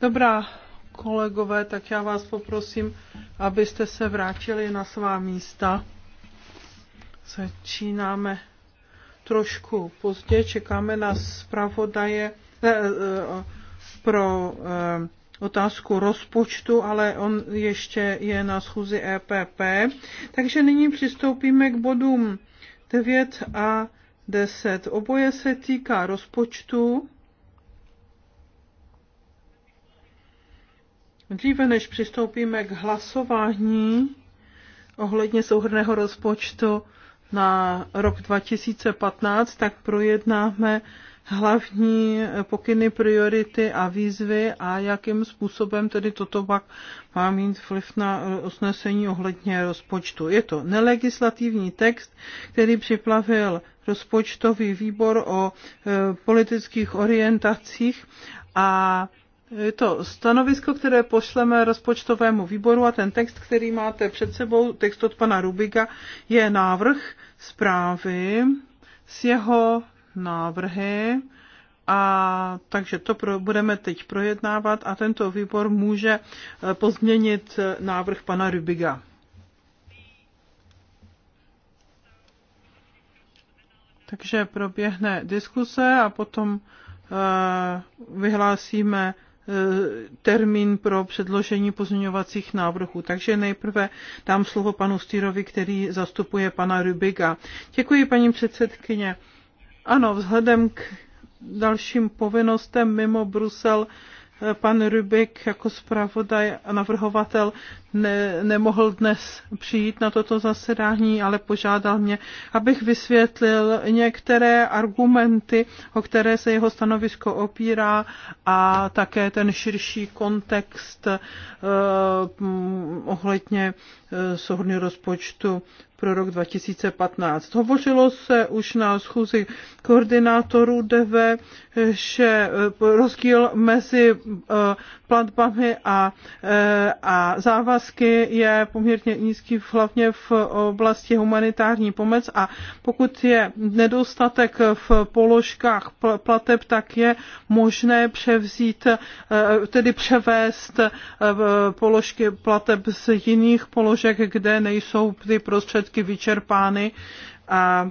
Dobrá, kolegové, tak já vás poprosím, abyste se vrátili na svá místa. Začínáme trošku pozdě, čekáme na zpravodaje eh, eh, pro eh, otázku rozpočtu, ale on ještě je na schůzi EPP. Takže nyní přistoupíme k bodům 9 a 10. Oboje se týká rozpočtu. Dříve než přistoupíme k hlasování ohledně souhrného rozpočtu na rok 2015, tak projednáme hlavní pokyny, priority a výzvy a jakým způsobem tedy toto pak má mít vliv na usnesení ohledně rozpočtu. Je to nelegislativní text, který připlavil rozpočtový výbor o e, politických orientacích a je to stanovisko, které pošleme rozpočtovému výboru a ten text, který máte před sebou, text od pana Rubiga, je návrh zprávy s jeho návrhy. A takže to pro, budeme teď projednávat a tento výbor může e, pozměnit e, návrh pana Rubiga. Takže proběhne diskuse a potom eh, vyhlásíme eh, termín pro předložení pozměňovacích návrhů. Takže nejprve dám slovo panu Stýrovi, který zastupuje pana Rubiga. Děkuji, paní předsedkyně. Ano, vzhledem k dalším povinnostem mimo Brusel, eh, pan Rubik jako zpravodaj a navrhovatel ne, nemohl dnes přijít na toto zasedání, ale požádal mě, abych vysvětlil některé argumenty, o které se jeho stanovisko opírá a také ten širší kontext eh, ohledně eh, souhrny rozpočtu pro rok 2015. Hovořilo se už na schůzi koordinátorů DV, že eh, rozdíl mezi eh, platbami a, eh, a závazky otázky je poměrně nízký, hlavně v oblasti humanitární pomoc a pokud je nedostatek v položkách plateb, tak je možné převzít, eh, tedy převést eh, položky plateb z jiných položek, kde nejsou ty prostředky vyčerpány a,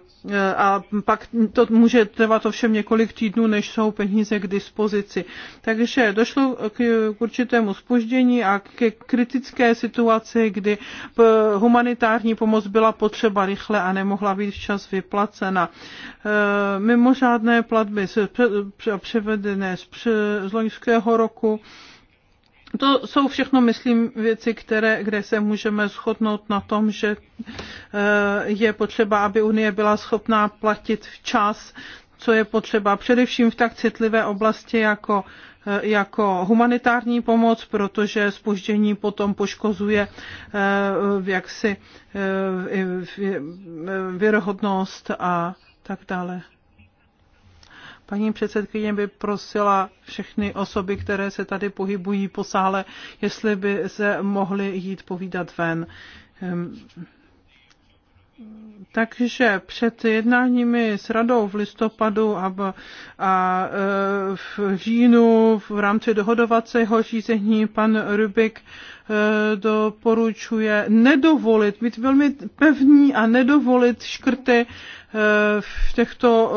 a pak to může trvat ovšem několik týdnů, než jsou peníze k dispozici. Takže došlo k, k určitému spoždění a ke kritické situaci, kdy humanitární pomoc byla potřeba rychle a nemohla být včas vyplacena. E, mimořádné platby převedené z loňského roku to jsou všechno, myslím, věci, které, kde se můžeme shodnout na tom, že eh, je potřeba, aby Unie byla schopná platit včas, co je potřeba především v tak citlivé oblasti jako eh, jako humanitární pomoc, protože spoždění potom poškozuje eh, jaksi věrohodnost a tak dále. Paní předsedkyně by prosila všechny osoby, které se tady pohybují po sále, jestli by se mohly jít povídat ven. Ehm, takže před jednáními s radou v listopadu a, a e, v říjnu v rámci dohodovacího řízení pan Rubik e, doporučuje nedovolit, být velmi pevní a nedovolit škrty e, v těchto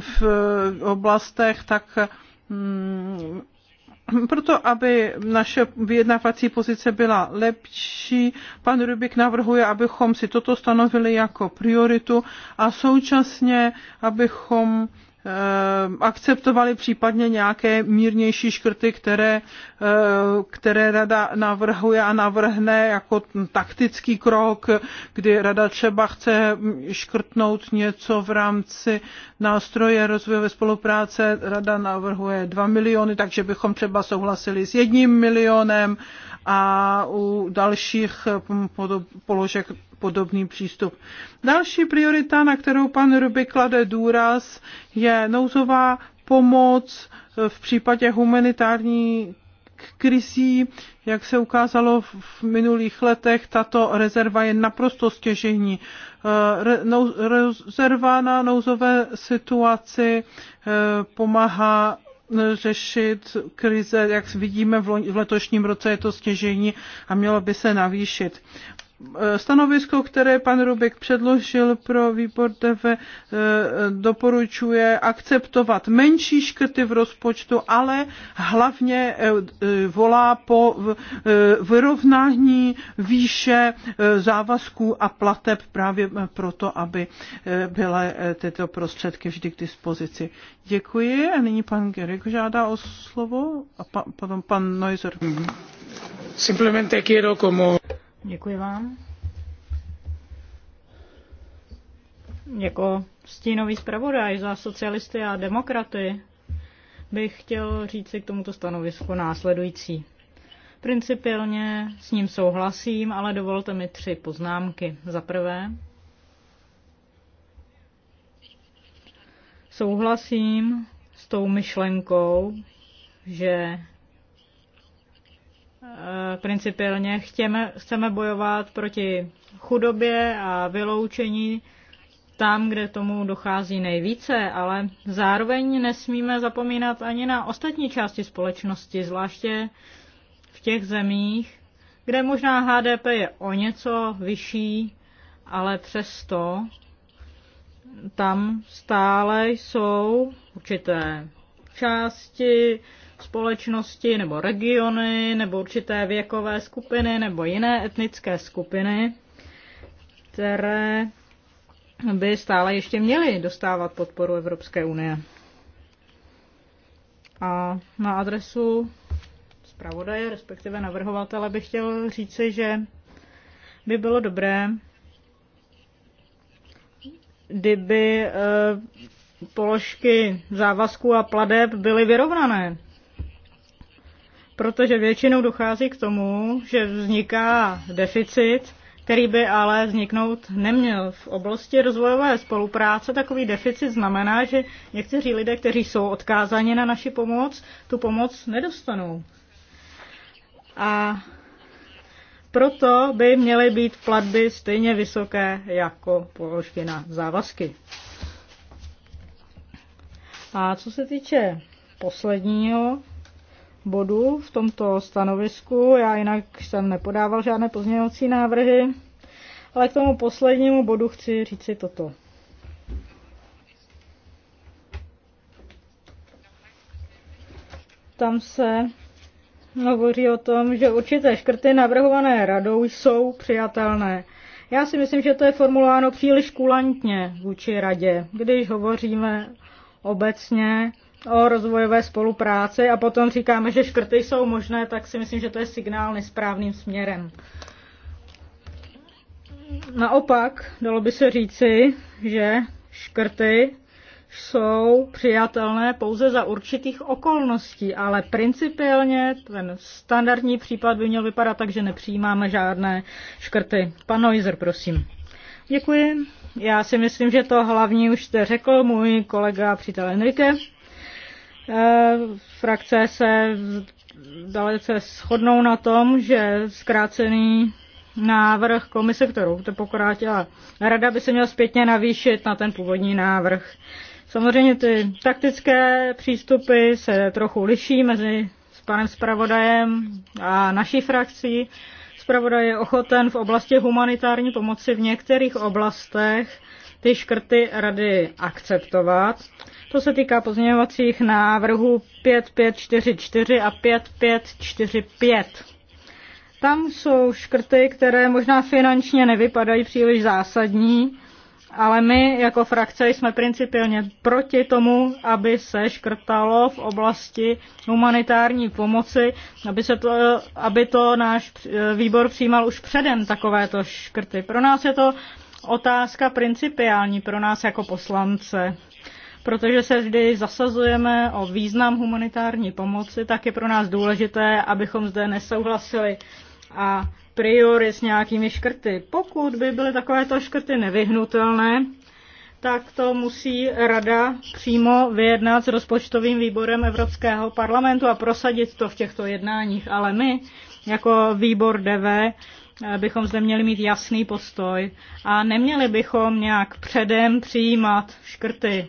v oblastech, tak mm, proto, aby naše vyjednávací pozice byla lepší, pan Rubik navrhuje, abychom si toto stanovili jako prioritu a současně, abychom Eh, akceptovali případně nějaké mírnější škrty, které, eh, které rada navrhuje a navrhne jako taktický krok, kdy rada třeba chce škrtnout něco v rámci nástroje rozvojové spolupráce, rada navrhuje 2 miliony, takže bychom třeba souhlasili s jedním milionem a u dalších hm, položek podobný přístup. Další priorita, na kterou pan Ruby klade důraz, je nouzová pomoc v případě humanitární krizí, jak se ukázalo v minulých letech, tato rezerva je naprosto stěžení. Eh, rezerva na nouzové situaci eh, pomáhá eh, řešit krize, jak vidíme v letošním roce je to stěžení a mělo by se navýšit. Stanovisko, které pan Rubik předložil pro výbor TV, eh, doporučuje akceptovat menší škrty v rozpočtu, ale hlavně eh, eh, volá po vyrovnání výše závazků a plateb právě proto, aby byly tyto prostředky vždy k dispozici. Děkuji a nyní pan Gerik žádá o slovo a potom pan Neuser. Mhm. Simplemente quiero como Děkuji vám. Jako stínový zpravodaj za socialisty a demokraty bych chtěl říci k tomuto stanovisku následující. Principiálně s ním souhlasím, ale dovolte mi tři poznámky. Za prvé, souhlasím s tou myšlenkou, že Eh, principiálně chtěme, chceme bojovat proti chudobě a vyloučení tam, kde tomu dochází nejvíce, ale zároveň nesmíme zapomínat ani na ostatní části společnosti, zvláště v těch zemích, kde možná HDP je o něco vyšší, ale přesto tam stále jsou určité části společnosti nebo regiony nebo určité věkové skupiny nebo jiné etnické skupiny, které by stále ještě měly dostávat podporu Evropské unie. A na adresu zpravodaje, respektive navrhovatele, bych chtěl říci, že by bylo dobré, kdyby eh, položky závazků a pladeb byly vyrovnané protože většinou dochází k tomu, že vzniká deficit, který by ale vzniknout neměl. V oblasti rozvojové spolupráce takový deficit znamená, že někteří lidé, kteří jsou odkázáni na naši pomoc, tu pomoc nedostanou. A proto by měly být platby stejně vysoké jako položky na závazky. A co se týče posledního bodů v tomto stanovisku. Já jinak jsem nepodával žádné pozměňovací návrhy, ale k tomu poslednímu bodu chci říci toto. Tam se hovoří o tom, že určité škrty navrhované radou jsou přijatelné. Já si myslím, že to je formuláno příliš kulantně vůči radě, když hovoříme obecně o rozvojové spolupráci a potom říkáme, že škrty jsou možné, tak si myslím, že to je signál nesprávným směrem. Naopak, dalo by se říci, že škrty jsou přijatelné pouze za určitých okolností, ale principiálně ten standardní případ by měl vypadat tak, že nepřijímáme žádné škrty. Pan Neuser, prosím. Děkuji. Já si myslím, že to hlavní už jste řekl můj kolega přítel Enrique. Frakce se dalece shodnou na tom, že zkrácený návrh komise, kterou to pokrátila rada, by se měl zpětně navýšit na ten původní návrh. Samozřejmě ty taktické přístupy se trochu liší mezi s panem zpravodajem a naší frakcí. Zpravodaj je ochoten v oblasti humanitární pomoci v některých oblastech ty škrty rady akceptovat. To se týká pozměňovacích návrhů 5544 a 5545. Tam jsou škrty, které možná finančně nevypadají příliš zásadní, ale my jako frakce jsme principiálně proti tomu, aby se škrtalo v oblasti humanitární pomoci, aby, se to, aby to náš eh, výbor přijímal už předem takovéto škrty. Pro nás je to otázka principiální pro nás jako poslance. Protože se vždy zasazujeme o význam humanitární pomoci, tak je pro nás důležité, abychom zde nesouhlasili a priori s nějakými škrty. Pokud by byly takovéto škrty nevyhnutelné, tak to musí rada přímo vyjednat s rozpočtovým výborem Evropského parlamentu a prosadit to v těchto jednáních. Ale my, jako výbor DV, Eh, bychom zde měli mít jasný postoj a neměli bychom nějak předem přijímat škrty.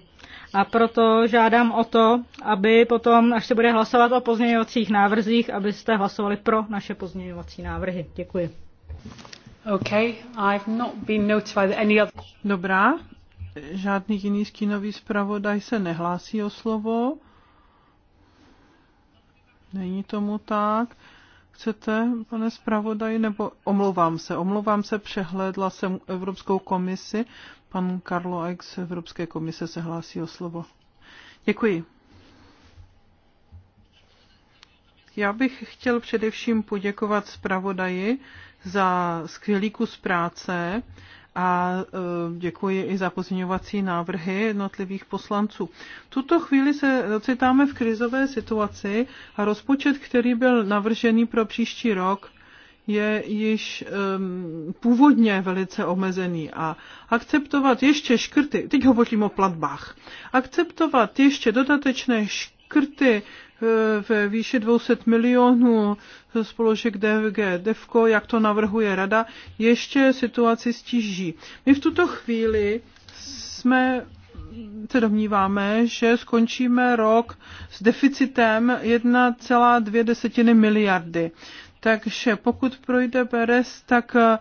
A proto žádám o to, aby potom, až se bude hlasovat o pozměňovacích návrzích, abyste hlasovali pro naše pozměňovací návrhy. Děkuji. Okay, I've not been notified any other... Dobrá, žádný jiný skinový zpravodaj se nehlásí o slovo. Není tomu tak chcete, pane zpravodaji, nebo omlouvám se, omlouvám se, přehlédla jsem Evropskou komisi. Pan Karlo Ex z Evropské komise se hlásí o slovo. Děkuji. Já bych chtěl především poděkovat zpravodaji za skvělý kus práce a eh, děkuji i za pozměňovací návrhy jednotlivých poslanců. tuto chvíli se ocitáme v krizové situaci a rozpočet, který byl navržený pro příští rok, je již um, původně velice omezený a akceptovat ještě škrty, teď hovořím o platbách, akceptovat ještě dodatečné škrty ve výši 200 milionů spoložek položek DVG DEVKO, jak to navrhuje rada, ještě situaci stíží. My v tuto chvíli jsme se domníváme, že skončíme rok s deficitem 1,2 miliardy. Takže pokud projde Beres, tak eh,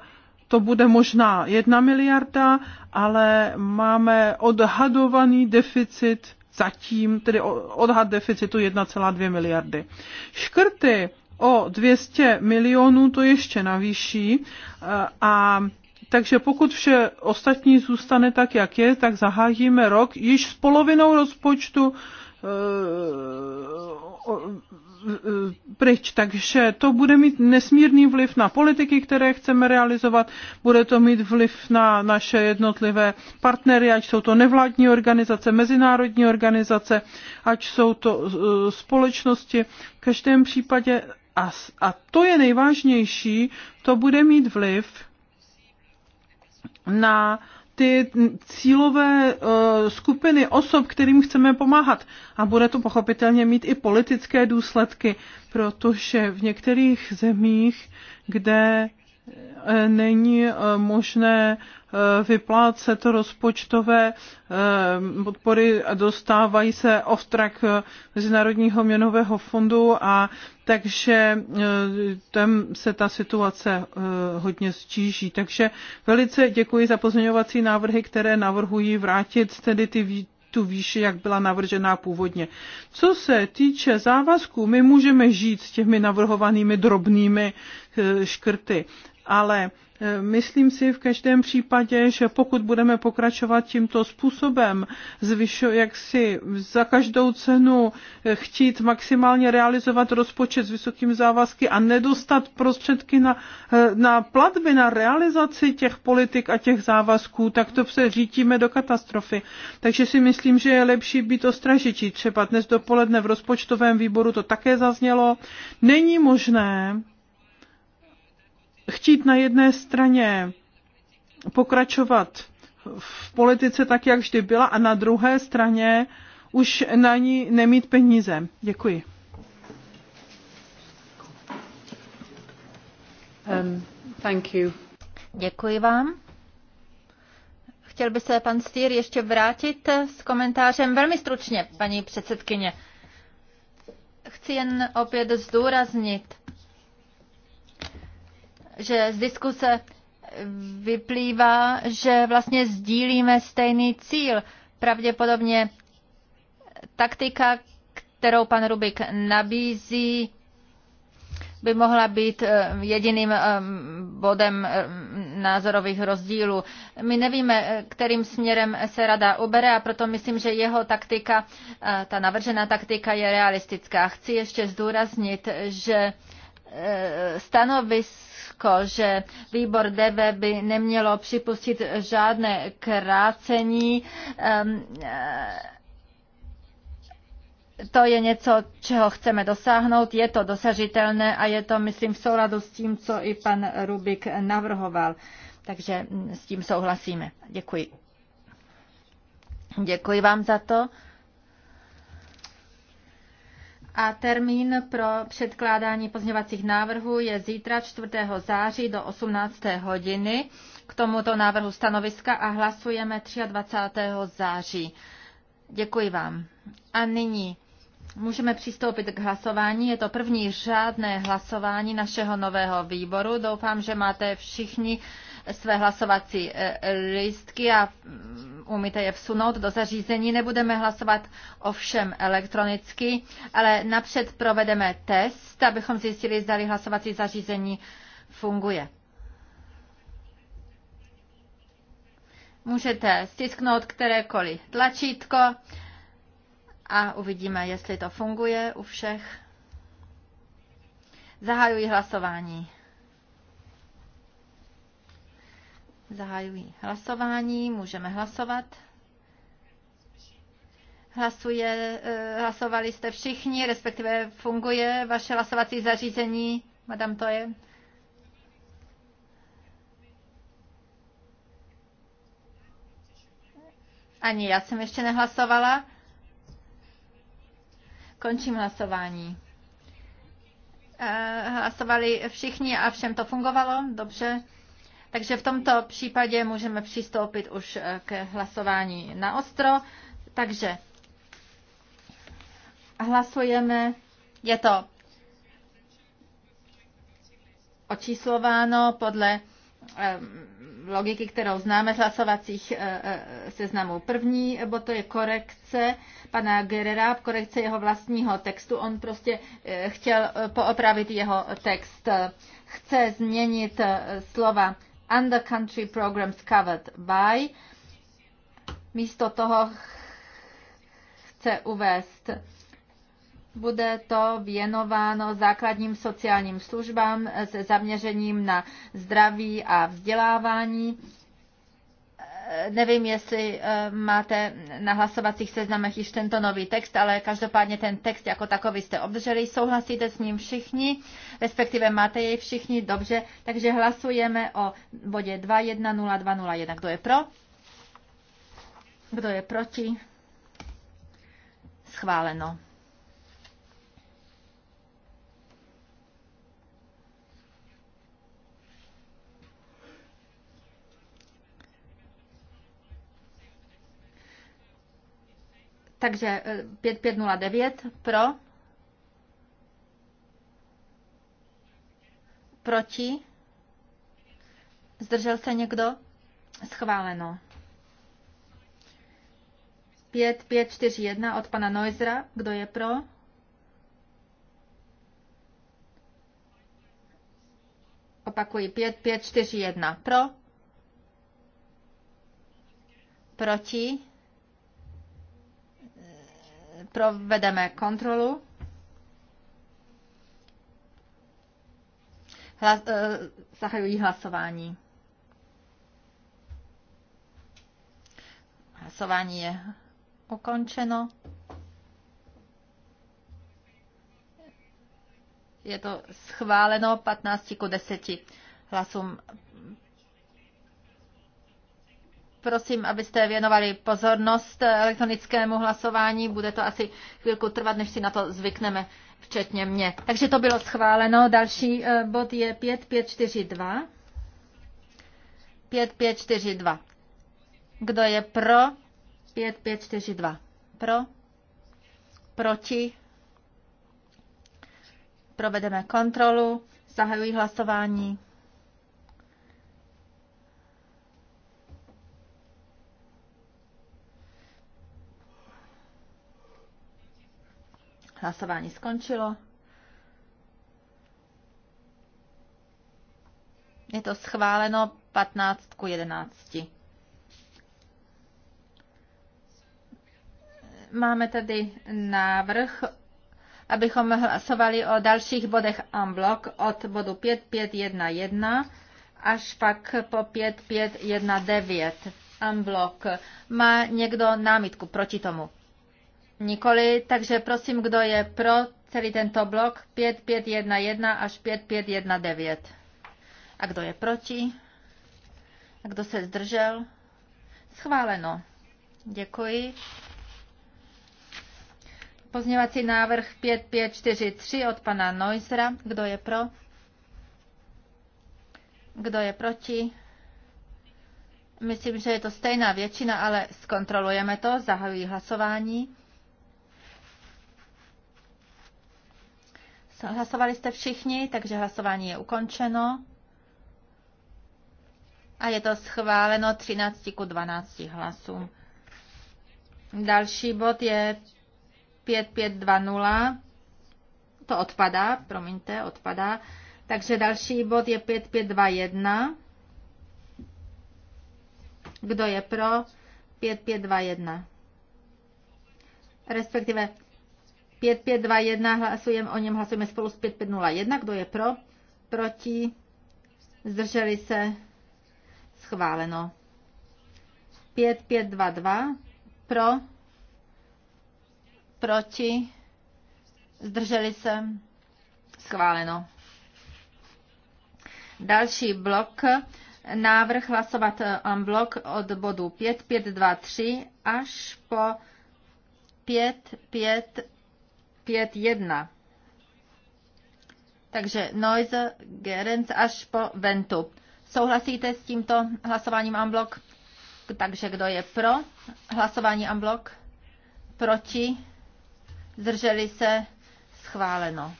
to bude možná 1 miliarda, ale máme odhadovaný deficit zatím, tedy odhad deficitu 1,2 miliardy. Škrty o 200 milionů to ještě navýší eh, a takže pokud vše ostatní zůstane tak, jak je, tak zahájíme rok již s polovinou rozpočtu eh, pryč. Takže to bude mít nesmírný vliv na politiky, které chceme realizovat, bude to mít vliv na naše jednotlivé partnery, ať jsou to nevládní organizace, mezinárodní organizace, ať jsou to eh, společnosti. V každém případě, a, a to je nejvážnější, to bude mít vliv na uh, ty cílové eh, skupiny osob, kterým chceme pomáhat. A bude to pochopitelně mít i politické důsledky, protože v některých zemích, kde E, není e, možné e, vyplácet rozpočtové podpory a dostávají se off track Mezinárodního měnového fondu a takže tam se ta situace hodně stíží. Takže velice děkuji za pozměňovací návrhy, které navrhují vrátit tedy ty tu výši, jak byla navržená původně. Co se týče závazků, my můžeme žít s těmi navrhovanými drobnými škrty ale e, myslím si v každém případě, že pokud budeme pokračovat tímto způsobem, zvyšo, jak si za každou cenu e, chtít maximálně realizovat rozpočet s vysokým závazky a nedostat prostředky na, e, na platby, na realizaci těch politik a těch závazků, tak to se řítíme do katastrofy. Takže si myslím, že je lepší být ostražití. Třeba dnes dopoledne v rozpočtovém výboru to také zaznělo. Není možné, chtít na jedné straně pokračovat v politice tak, jak vždy byla, a na druhé straně už na ní nemít peníze. Děkuji. Um, thank you. Děkuji vám. Chtěl by se pan Stýr ještě vrátit s komentářem velmi stručně, paní předsedkyně. Chci jen opět zdůraznit, že z diskuse vyplývá, že vlastně sdílíme stejný cíl. Pravděpodobně taktika, kterou pan Rubik nabízí, by mohla být eh, jediným eh, bodem eh, názorových rozdílů. My nevíme, kterým směrem se rada ubere a proto myslím, že jeho taktika, ta navržená taktika je realistická. Chci ještě zdůraznit, že stanovisko stanovisko, že výbor DV by nemělo připustit žádné krácení. Ehm, eh, to je něco, čeho chceme dosáhnout, je to dosažitelné a je to, myslím, v souladu s tím, co i pan Rubik navrhoval. Takže mm, s tím souhlasíme. Děkuji. Děkuji vám za to a termín pro předkládání pozměňovacích návrhů je zítra 4. září do 18. hodiny k tomuto návrhu stanoviska a hlasujeme 23. září. Děkuji vám. A nyní můžeme přistoupit k hlasování. Je to první řádné hlasování našeho nového výboru. Doufám, že máte všichni své hlasovací eh, lístky a mm, umíte je vsunout do zařízení. Nebudeme hlasovat ovšem elektronicky, ale napřed provedeme test, abychom zjistili, zda hlasovací zařízení funguje. Můžete stisknout kterékoliv tlačítko a uvidíme, jestli to funguje u všech. Zahajuji hlasování. Zahajuji hlasování, můžeme hlasovat. Hlasuje, eh, hlasovali jste všichni, respektive funguje vaše hlasovací zařízení, madam to je. Ani já jsem ještě nehlasovala. Končím hlasování. Eh, hlasovali všichni a všem to fungovalo? Dobře. Takže v tomto případě můžeme přistoupit už eh, k hlasování na ostro. Takže hlasujeme, je to očíslováno podle ehm, logiky, kterou známe z hlasovacích eh, eh, seznamů. První bo to je korekce pana Gerera, korekce jeho vlastního textu. On prostě chtěl poopravit jeho text. Chce změnit slova and the country programs covered by. Místo toho chce uvést bude to věnováno základním sociálním službám se zaměřením na zdraví a vzdělávání nevím, jestli eh, máte na hlasovacích seznamech již tento nový text, ale každopádně ten text jako takový jste obdrželi. Souhlasíte s ním všichni, respektive máte jej všichni, dobře. Takže hlasujeme o bodě 210201. Kdo je pro? Kdo je proti? Schváleno. Takže 5509 eh, pro, proti, zdržel se někdo, schváleno. 5541 od pana Noizera, kdo je pro? Opakuji, 5541 pro, proti, provedeme kontrolu. Hlas, eh, zahajují hlasování. Hlasování je ukončeno. Je to schváleno 15 ku 10 hlasům Prosím, abyste věnovali pozornost elektronickému hlasování. Bude to asi chvilku trvat, než si na to zvykneme, včetně mě. Takže to bylo schváleno. Další eh, bod je 5542. 5542. Kdo je pro? 5542. Pro? Proti? Provedeme kontrolu. Zahajují hlasování. Hlasování skončilo. Je to schváleno 15 ku 11. Máme tady návrh, abychom hlasovali o dalších bodech unblock od bodu 5511 až pak po 5519. Unblock. Má někdo námitku proti tomu? Nikoli, takže prosím, kdo je pro celý tento blok 5511 až 5519. A kdo je proti? A kdo se zdržel? Schváleno. Děkuji. Pozněvací návrh 5543 od pana Neusera. Kdo je pro? Kdo je proti? Myslím, že je to stejná většina, ale zkontrolujeme to. Zahajují hlasování. Hlasovali jste všichni, takže hlasování je ukončeno. A je to schváleno 13 ku 12 hlasům. Další bod je 5520. To odpadá, promiňte, odpadá. Takže další bod je 5521. Kdo je pro? 5521. Respektive 5521 hlasujeme, o něm hlasujeme spolu s 5501. Kdo je pro? Proti? Zdrželi se? Schváleno. 5522 pro? Proti? Zdrželi se? Schváleno. Další blok. Návrh hlasovat en blok od bodu 5523 až po 5, 5, 5.1. Takže Noise, Gerenc až po Ventu. Souhlasíte s tímto hlasováním unblock? Takže kdo je pro hlasování unblock? Proti? Zdrželi se? Schváleno.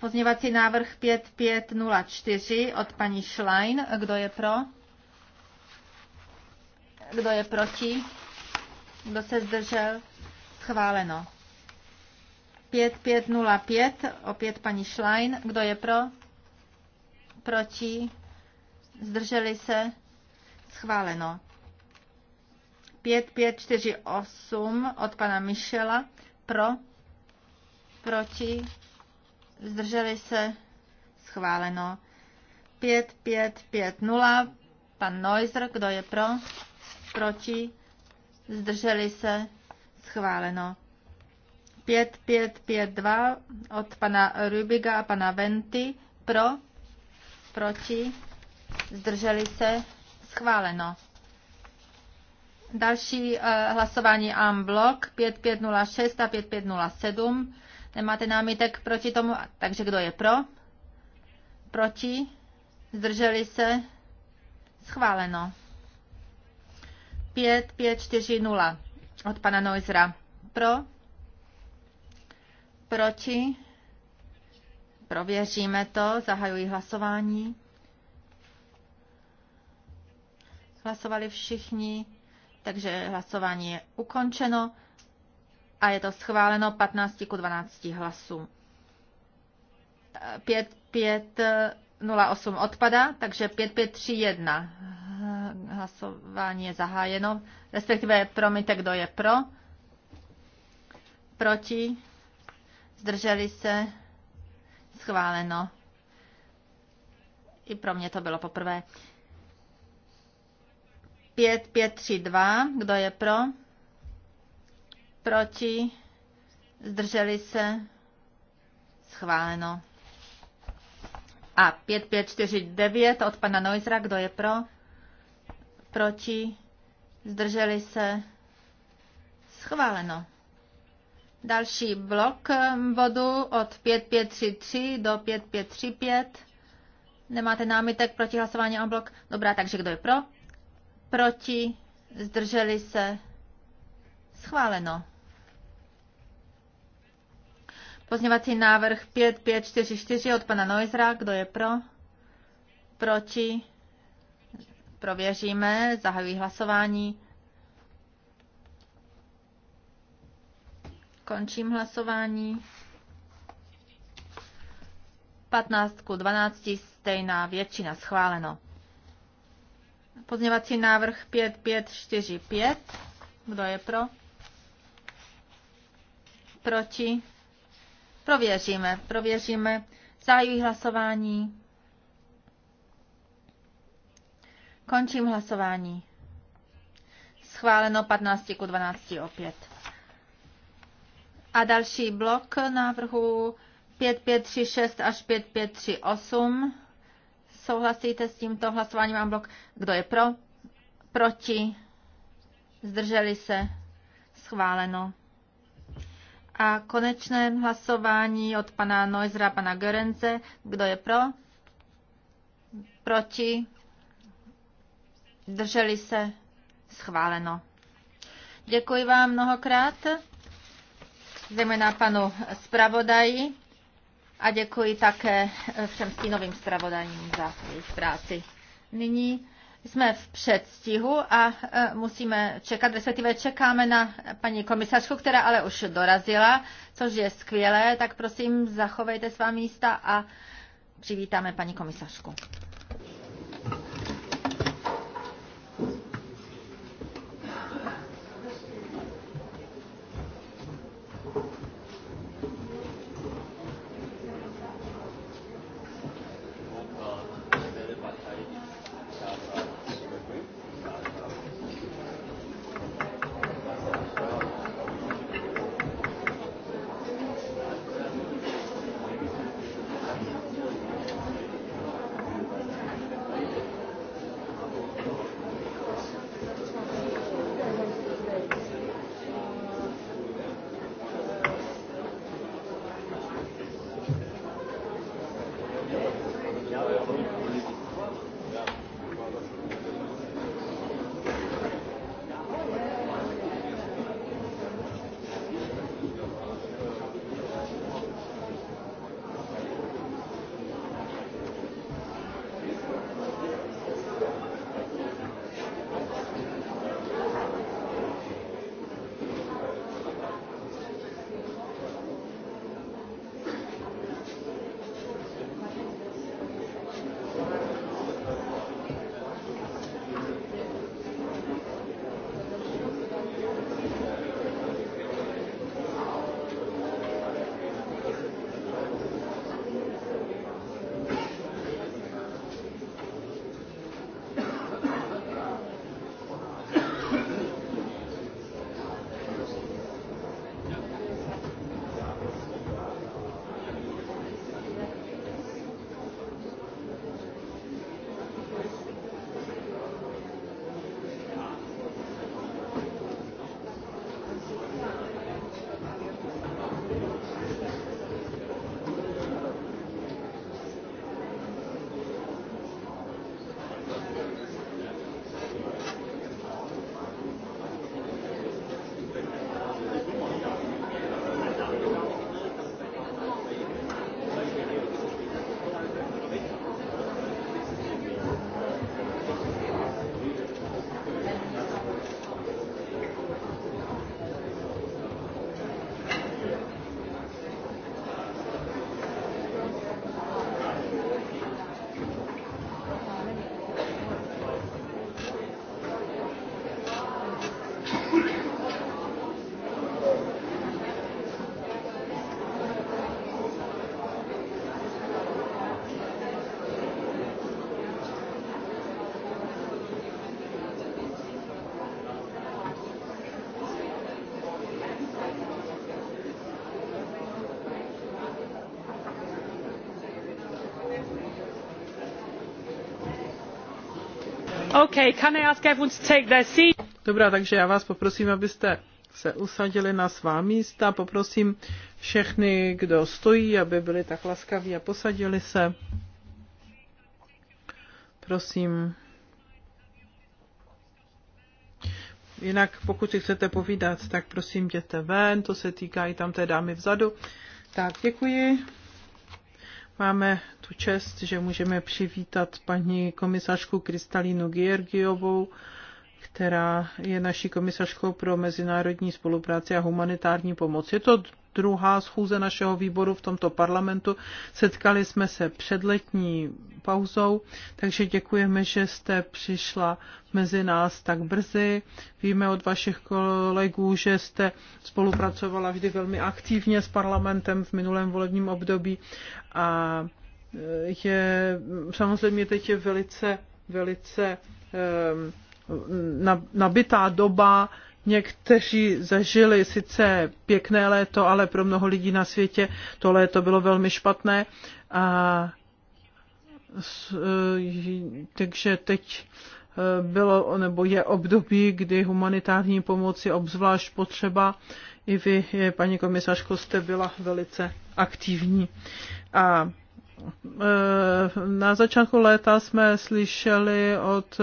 Pozměvací návrh 5504 od paní Schlein. Kdo je pro? Kdo je proti? Kdo se zdržel? Schváleno. 5505, opět paní Schlein. Kdo je pro? Proti? Zdrželi se? Schváleno. 5548 od pana Michela. Pro? Proti? Zdrželi se? Schváleno. 5550 pan Neuser. Kdo je pro? Proti? Zdrželi se? Schváleno. 5552 od pana Rubiga a pana Venty pro, proti, zdrželi se, schváleno. Další eh, hlasování AM blok 5506 a 5507. Nemáte námitek proti tomu, takže kdo je pro? Proti? Zdrželi se? Schváleno. 5540 od pana Noizra. Pro? Proti? Prověříme to. Zahajuji hlasování. Hlasovali všichni, takže hlasování je ukončeno a je to schváleno 15 ku 12 hlasů. 5 0 8 odpada, takže 5531 hlasování je zahájeno, respektive promiňte, kdo je pro, proti, zdrželi se, schváleno. I pro mě to bylo poprvé. 5, 5, 3, 2, kdo je pro? Proti, zdrželi se, schváleno. A 5, 5, 4, 9 od pana Noizra, kdo je pro? Proti, zdrželi se, schváleno. Další blok um, bodu od 5533 do 5535. Nemáte námitek proti hlasování o blok? Dobrá, takže kdo je pro? Proti? Zdrželi se? Schváleno. Pozněvací návrh 5544 od pana Noizra. Kdo je pro? Proti? Prověříme. Zahajují hlasování. Končím hlasování. 15 ku 12 stejná většina schváleno. Pozměvací návrh 5545. Kdo je pro? Proti? Prověříme, prověříme. Zahajuji hlasování. Končím hlasování. Schváleno 15 ku 12 opět. A další blok návrhu 5536 až 5538. Souhlasíte s tímto hlasováním? Mám blok. Kdo je pro? Proti? Zdrželi se? Schváleno. A konečné hlasování od pana Noizra, pana Görenze. Kdo je pro? Proti? Zdrželi se? Schváleno. Děkuji vám mnohokrát zejména panu zpravodaji a děkuji také všem stínovým zpravodajům za jejich práci. Nyní jsme v předstihu a e, musíme čekat, respektive čekáme na paní komisařku, která ale už dorazila, což je skvělé, tak prosím zachovejte svá místa a přivítáme paní komisařku. Dobrá, takže já vás poprosím, abyste se usadili na svá místa. Poprosím všechny, kdo stojí, aby byli tak laskaví a posadili se. Prosím. Jinak pokud si chcete povídat, tak prosím jděte ven, to se týká i tam té dámy vzadu. Tak děkuji. Máme tu čest, že můžeme přivítat paní komisařku Kristalínu Georgiovou, která je naší komisařkou pro mezinárodní spolupráci a humanitární pomoc. Je to druhá schůze našeho výboru v tomto parlamentu. Setkali jsme se před letní pauzou, takže děkujeme, že jste přišla mezi nás tak brzy. Víme od vašich kolegů, že jste spolupracovala vždy velmi aktivně s parlamentem v minulém volebním období a e, je samozřejmě teď je velice, velice e, nabitá doba Někteří zažili sice pěkné léto, ale pro mnoho lidí na světě to léto bylo velmi špatné. A, eh, takže teď eh, bylo nebo je období, kdy humanitární pomoc je obzvlášť potřeba. I vy, eh, paní komisařko, jste byla velice aktivní. A na začátku léta jsme slyšeli od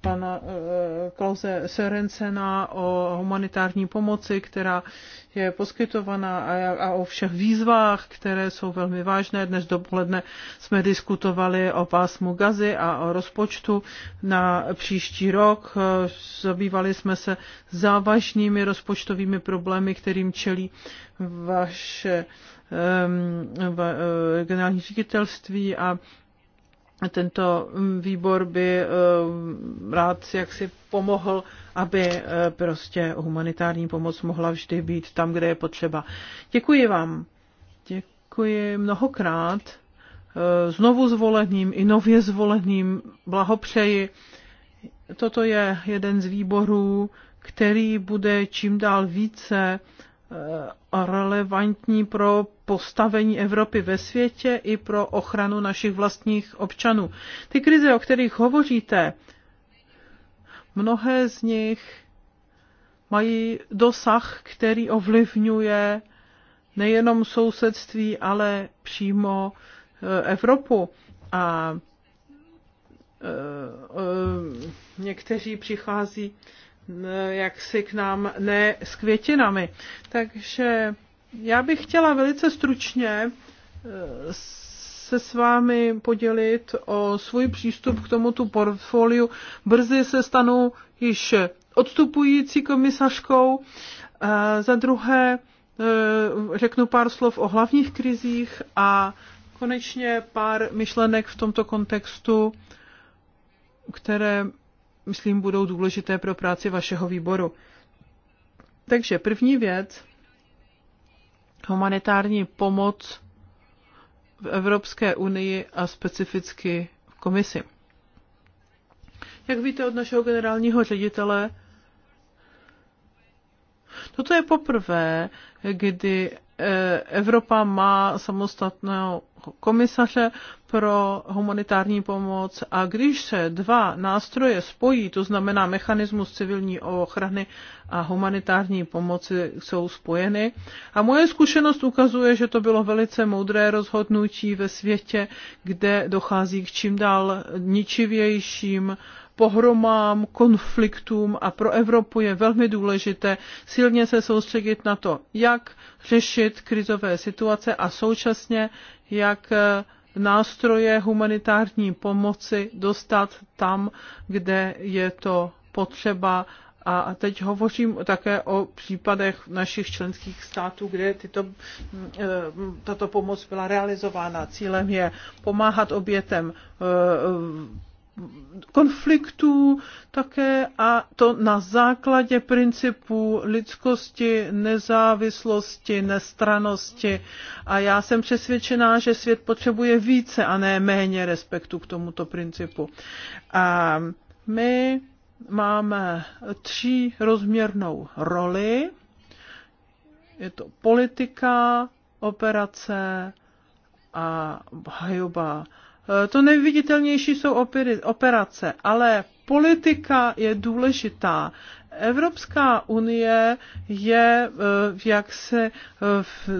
pana eh, Klause Sörensena o humanitární pomoci, která je poskytovaná a, a o všech výzvách, které jsou velmi vážné. Dnes dopoledne jsme diskutovali o pásmu gazy a o rozpočtu na příští rok. Zabývali jsme se závažnými rozpočtovými problémy, kterým čelí vaše eh, generální ředitelství a tento mm, výbor by eh, rád jaksi pomohl, aby eh, prostě humanitární pomoc mohla vždy být tam, kde je potřeba. Děkuji vám. Děkuji mnohokrát eh, znovu zvoleným i nově zvoleným. Blahopřeji. Toto je jeden z výborů, který bude čím dál více relevantní pro postavení Evropy ve světě i pro ochranu našich vlastních občanů. Ty krize, o kterých hovoříte, mnohé z nich mají dosah, který ovlivňuje nejenom sousedství, ale přímo eh, Evropu. A eh, eh, někteří přichází jak si k nám ne s květinami. Takže já bych chtěla velice stručně eh, se s vámi podělit o svůj přístup k tomuto portfoliu. Brzy se stanu již odstupující komisařkou. Eh, za druhé eh, řeknu pár slov o hlavních krizích a konečně pár myšlenek v tomto kontextu, které myslím, budou důležité pro práci vašeho výboru. Takže první věc, humanitární pomoc v Evropské unii a specificky v komisi. Jak víte od našeho generálního ředitele, Toto je poprvé, kdy eh, Evropa má samostatného komisaře pro humanitární pomoc a když se dva nástroje spojí, to znamená mechanismus civilní ochrany a humanitární pomoci jsou spojeny. A moje zkušenost ukazuje, že to bylo velice moudré rozhodnutí ve světě, kde dochází k čím dál ničivějším pohromám, konfliktům a pro Evropu je velmi důležité silně se soustředit na to, jak řešit krizové situace a současně jak eh, nástroje humanitární pomoci dostat tam, kde je to potřeba. A teď hovořím také o případech našich členských států, kde tyto, mm, eh, mm, tato pomoc byla realizována. Cílem je pomáhat obětem eh, konfliktů také a to na základě principů lidskosti, nezávislosti, nestranosti. A já jsem přesvědčená, že svět potřebuje více a ne méně respektu k tomuto principu. A my máme tří rozměrnou roli. Je to politika, operace a hajoba Eh, to nejviditelnější jsou operace, ale politika je důležitá. Evropská unie je eh, jak se eh,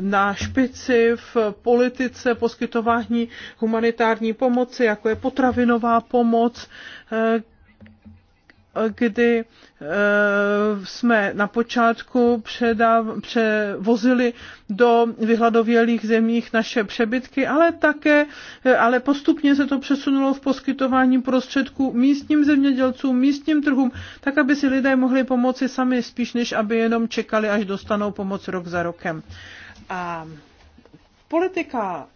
na špici v politice poskytování humanitární pomoci, jako je potravinová pomoc, kdy eh, jsme na počátku předav, převozili do vyhladovělých zemích naše přebytky, ale také, eh, ale postupně se to přesunulo v poskytování prostředků místním zemědělcům, místním trhům, tak aby si lidé mohli pomoci sami spíš, než aby jenom čekali, až dostanou pomoc rok za rokem. A politika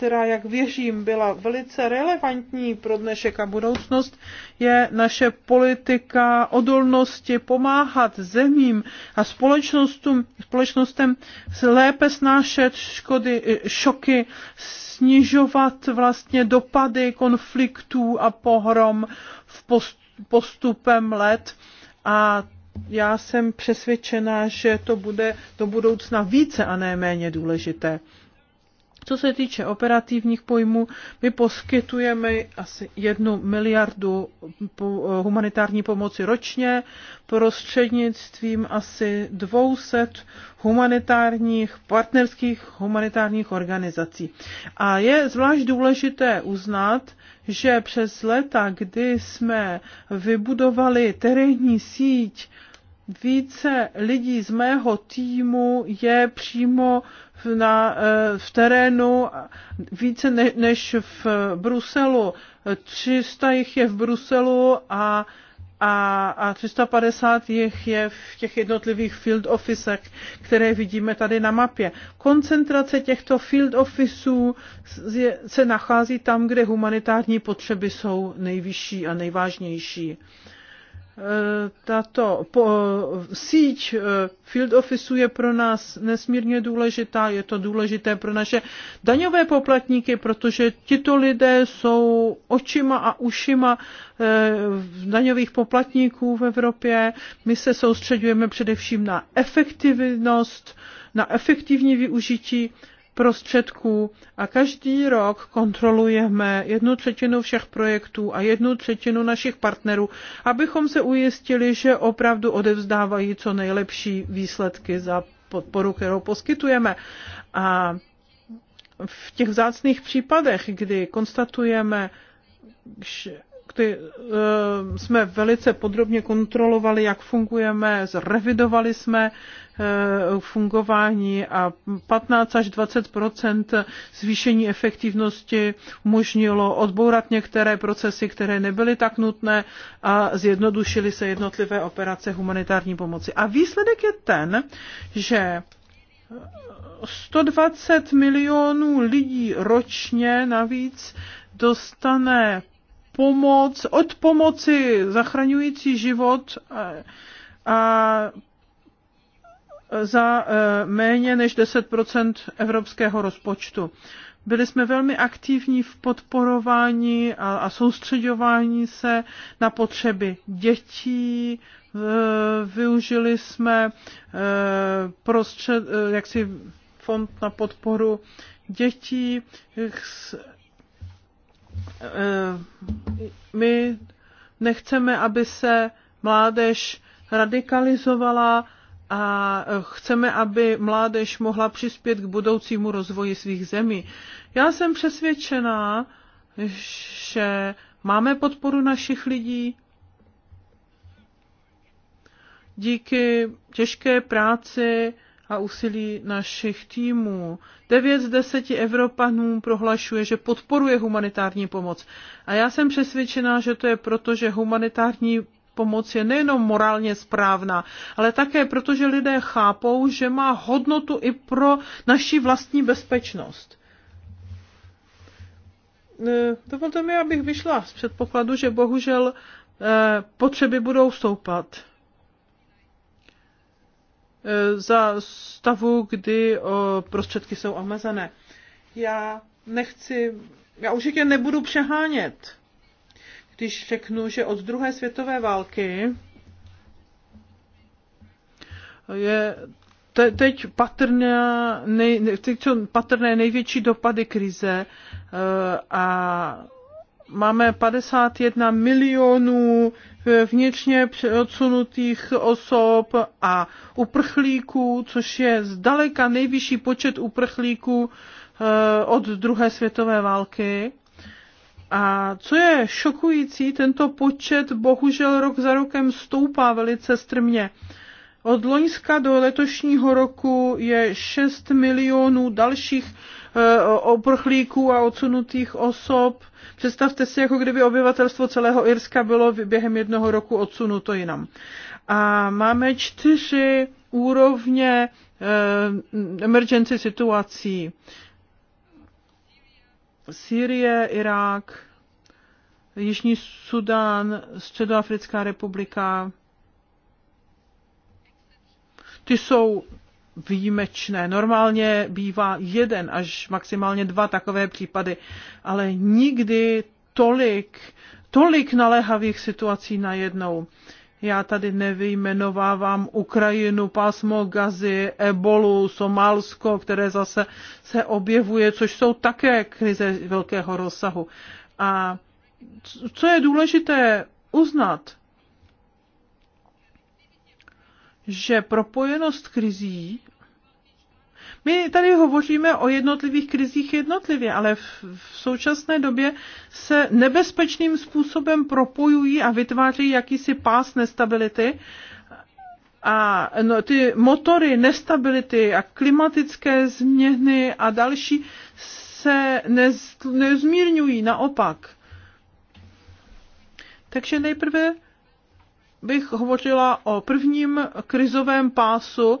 která, jak věřím, byla velice relevantní pro dnešek a budoucnost, je naše politika odolnosti pomáhat zemím a společnostům, společnostem lépe snášet škody, eh, šoky, snižovat vlastně dopady konfliktů a pohrom v postupem let. A já jsem přesvědčená, že to bude do budoucna více a ne méně důležité. Co se týče operativních pojmů, my poskytujeme asi jednu miliardu eh, humanitární pomoci ročně prostřednictvím asi 200 humanitárních, partnerských humanitárních organizací. A je zvlášť důležité uznat, že přes leta, kdy jsme vybudovali terénní síť více lidí z mého týmu je přímo na, eh, v terénu více ne, než v Bruselu. 300 jich je v Bruselu a a, a 350 jich je v těch jednotlivých field officech, které vidíme tady na mapě. Koncentrace těchto field officeů se nachází tam, kde humanitární potřeby jsou nejvyšší a nejvážnější. Uh, Eh, tato po, síť eh, field officeů je pro nás nesmírně důležitá, je to důležité pro naše daňové poplatníky, protože tito lidé jsou očima a ušima eh, daňových poplatníků v Evropě. My se soustředujeme především na efektivnost, na efektivní využití prostředků a každý rok kontrolujeme jednu třetinu všech projektů a jednu třetinu našich partnerů, abychom se ujistili, že opravdu odevzdávají co nejlepší výsledky za podporu, kterou poskytujeme. A v těch vzácných případech, kdy konstatujeme, že kdy eh, jsme velice podrobně kontrolovali, jak fungujeme, zrevidovali jsme Eh, fungování a 15 až 20 zvýšení efektivnosti umožnilo odbourat některé procesy, které nebyly tak nutné a zjednodušily se jednotlivé operace humanitární pomoci. A výsledek je ten, že 120 milionů lidí ročně navíc dostane pomoc od pomoci zachraňující život a, a za eh, méně než 10 evropského rozpočtu. Byli jsme velmi aktivní v podporování a, a soustředování se na potřeby dětí. Eh, využili jsme eh, prostřed, jaksi fond na podporu dětí. My nechceme, aby se mládež radikalizovala, a chceme, aby mládež mohla přispět k budoucímu rozvoji svých zemí. Já jsem přesvědčená, že máme podporu našich lidí díky těžké práci a úsilí našich týmů. 9 z 10 Evropanů prohlašuje, že podporuje humanitární pomoc. A já jsem přesvědčená, že to je proto, že humanitární pomoc je nejenom morálně správná, ale také proto, že lidé chápou, že má hodnotu i pro naši vlastní bezpečnost. E, dovolte mi, abych vyšla z předpokladu, že bohužel e, potřeby budou stoupat e, za stavu, kdy prostředky jsou omezené. Já nechci, já určitě nebudu přehánět když řeknu, že od druhé světové války je te, teď patrné, nej, teď jsou patrné největší dopady krize eh, a máme 51 milionů vnitřně odsunutých osob a uprchlíků, což je zdaleka nejvyšší počet uprchlíků eh, od druhé světové války. A co je šokující, tento počet bohužel rok za rokem stoupá velice strmě. Od loňska do letošního roku je 6 milionů dalších eh, oprchlíků a odsunutých osob. Představte si, jako kdyby obyvatelstvo celého Irska bylo během jednoho roku odsunuto jinam. A máme čtyři úrovně eh, emergency situací. Sýrie, Irák, Jižní Sudán, Středoafrická republika. Ty jsou výjimečné. Normálně bývá jeden až maximálně dva takové případy, ale nikdy tolik, tolik naléhavých situací najednou. jednou já tady nevyjmenovávám Ukrajinu, pásmo Gazy, Ebolu, Somálsko, které zase se objevuje, což jsou také krize velkého rozsahu. A co je důležité uznat, že propojenost krizí my tady hovoříme o jednotlivých krizích jednotlivě, ale v, v současné době se nebezpečným způsobem propojují a vytváří jakýsi pás nestability. A no, ty motory nestability a klimatické změny a další se nez, nezmírňují, naopak. Takže nejprve bych hovořila o prvním krizovém pásu,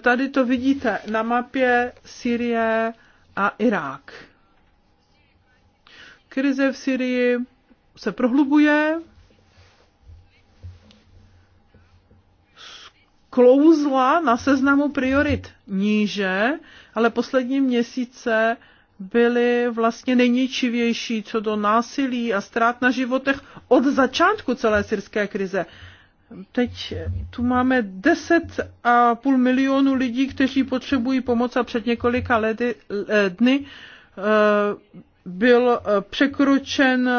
Tady to vidíte na mapě Syrie a Irák. Krize v Syrii se prohlubuje, klouzla na seznamu priorit níže, ale poslední měsíce byly vlastně nejničivější co do násilí a ztrát na životech od začátku celé syrské krize. Teď tu máme 10,5 milionu lidí, kteří potřebují pomoc a před několika lety, eh, dny eh, byl eh, překročen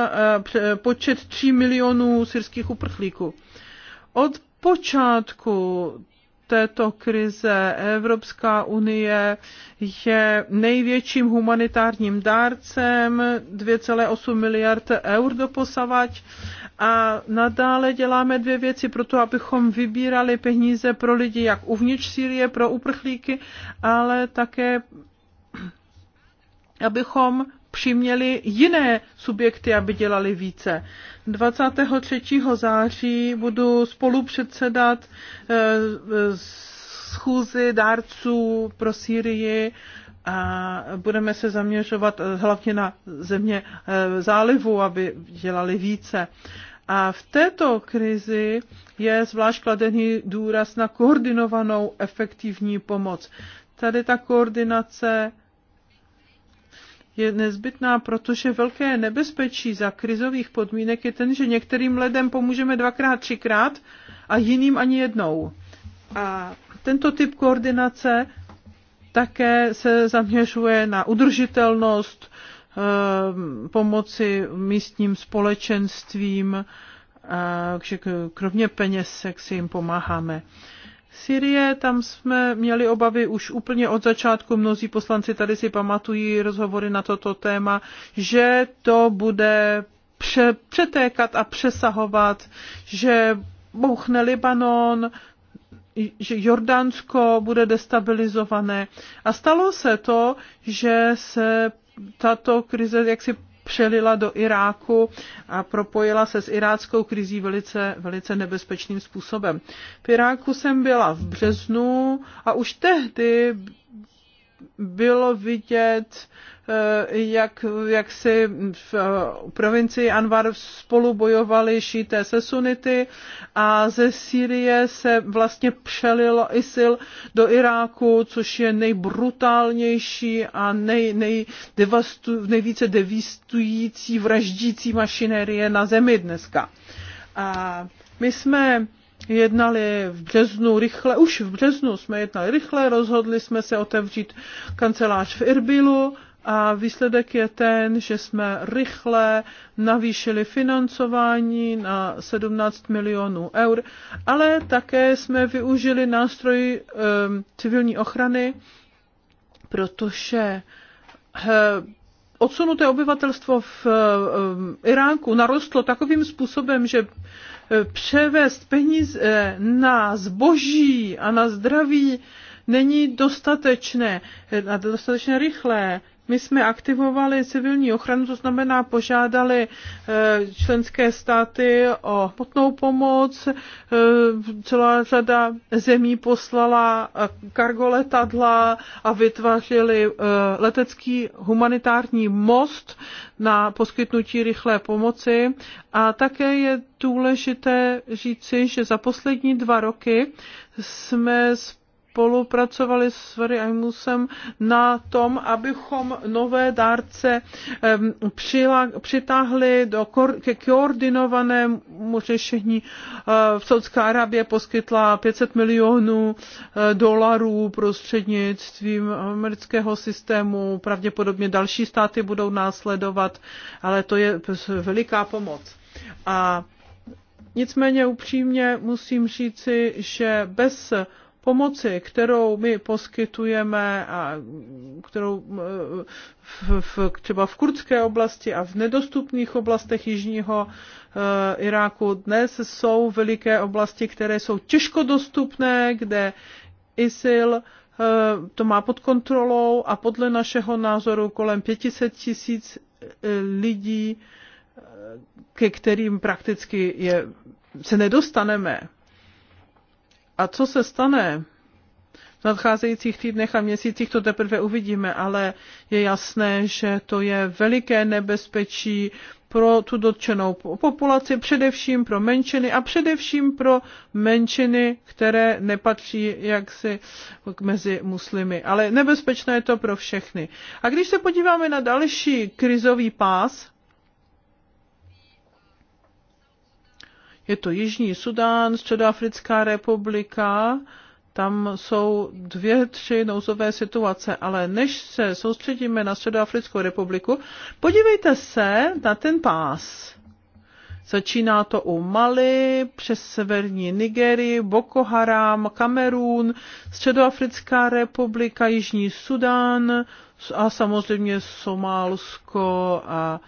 počet 3 milionů syrských uprchlíků. Od počátku této krize. Evropská unie je největším humanitárním dárcem 2,8 miliard eur do posavať a nadále děláme dvě věci pro to, abychom vybírali peníze pro lidi jak uvnitř Sýrie, pro uprchlíky, ale také abychom přiměli jiné subjekty, aby dělali více. 23. září budu spolu předsedat eh, schůzi dárců pro Sýrii a budeme se zaměřovat eh, hlavně na země eh, zálivu, aby dělali více. A v této krizi je zvlášť kladený důraz na koordinovanou efektivní pomoc. Tady ta koordinace je nezbytná, protože velké nebezpečí za krizových podmínek je ten, že některým lidem pomůžeme dvakrát, třikrát a jiným ani jednou. A tento typ koordinace také se zaměřuje na udržitelnost ehm, pomoci místním společenstvím, kromě peněz, jak si jim pomáháme. Syrie, tam jsme měli obavy už úplně od začátku, mnozí poslanci tady si pamatují rozhovory na toto téma, že to bude pře- přetékat a přesahovat, že bouchne Libanon, že Jordánsko bude destabilizované. A stalo se to, že se tato krize jaksi přelila do Iráku a propojila se s iráckou krizí velice, velice nebezpečným způsobem. V Iráku jsem byla v březnu a už tehdy bylo vidět Eh, jak, jak si v eh, provincii Anvar spolu bojovali šíté se sunity a ze Sýrie se vlastně přelilo ISIL do Iráku, což je nejbrutálnější a nej, nej devastu, nejvíce devastující vraždící mašinérie na zemi dneska. A my jsme jednali v březnu rychle, už v březnu jsme jednali rychle, rozhodli jsme se otevřít kancelář v Irbilu, a výsledek je ten, že jsme rychle navýšili financování na 17 milionů eur, ale také jsme využili nástroj ehm, civilní ochrany, protože eh, odsunuté obyvatelstvo v eh, Iránku narostlo takovým způsobem, že eh, převést peníze na zboží a na zdraví není dostatečné, dostatečně rychlé. My jsme aktivovali civilní ochranu, to znamená požádali eh, členské státy o hmotnou pomoc. Eh, celá řada zemí poslala eh, kargo letadla a vytvářili letecký humanitární most na poskytnutí rychlé pomoci. A také je důležité říci, že za poslední dva roky jsme s spolupracovali s Vary Aimusem na tom, abychom nové dárce přitáhli do, ke koordinovanému řešení. Eh, v Saudské Arábie poskytla 500 milionů eh, dolarů prostřednictvím amerického systému. Pravděpodobně další státy budou následovat, ale to je veliká pomoc. A nicméně upřímně musím říci, že bez pomoci, kterou my poskytujeme a kterou eh, v, v, třeba v kurdské oblasti a v nedostupných oblastech jižního e, Iráku dnes jsou veliké oblasti, které jsou těžko dostupné, kde ISIL e, to má pod kontrolou a podle našeho názoru kolem 500 tisíc lidí, ke kterým prakticky je, se nedostaneme a co se stane v nadcházejících týdnech a měsících, to teprve uvidíme, ale je jasné, že to je veliké nebezpečí pro tu dotčenou populaci, především pro menšiny a především pro menšiny, které nepatří jaksi mezi muslimy. Ale nebezpečné je to pro všechny. A když se podíváme na další krizový pás, Je to Jižní Sudán, Středoafrická republika, tam jsou dvě, tři nouzové situace, ale než se soustředíme na Středoafrickou republiku, podívejte se na ten pás. Začíná to u Mali, přes severní Nigerii, Boko Haram, Kamerun, Středoafrická republika, Jižní Sudán a samozřejmě Somálsko a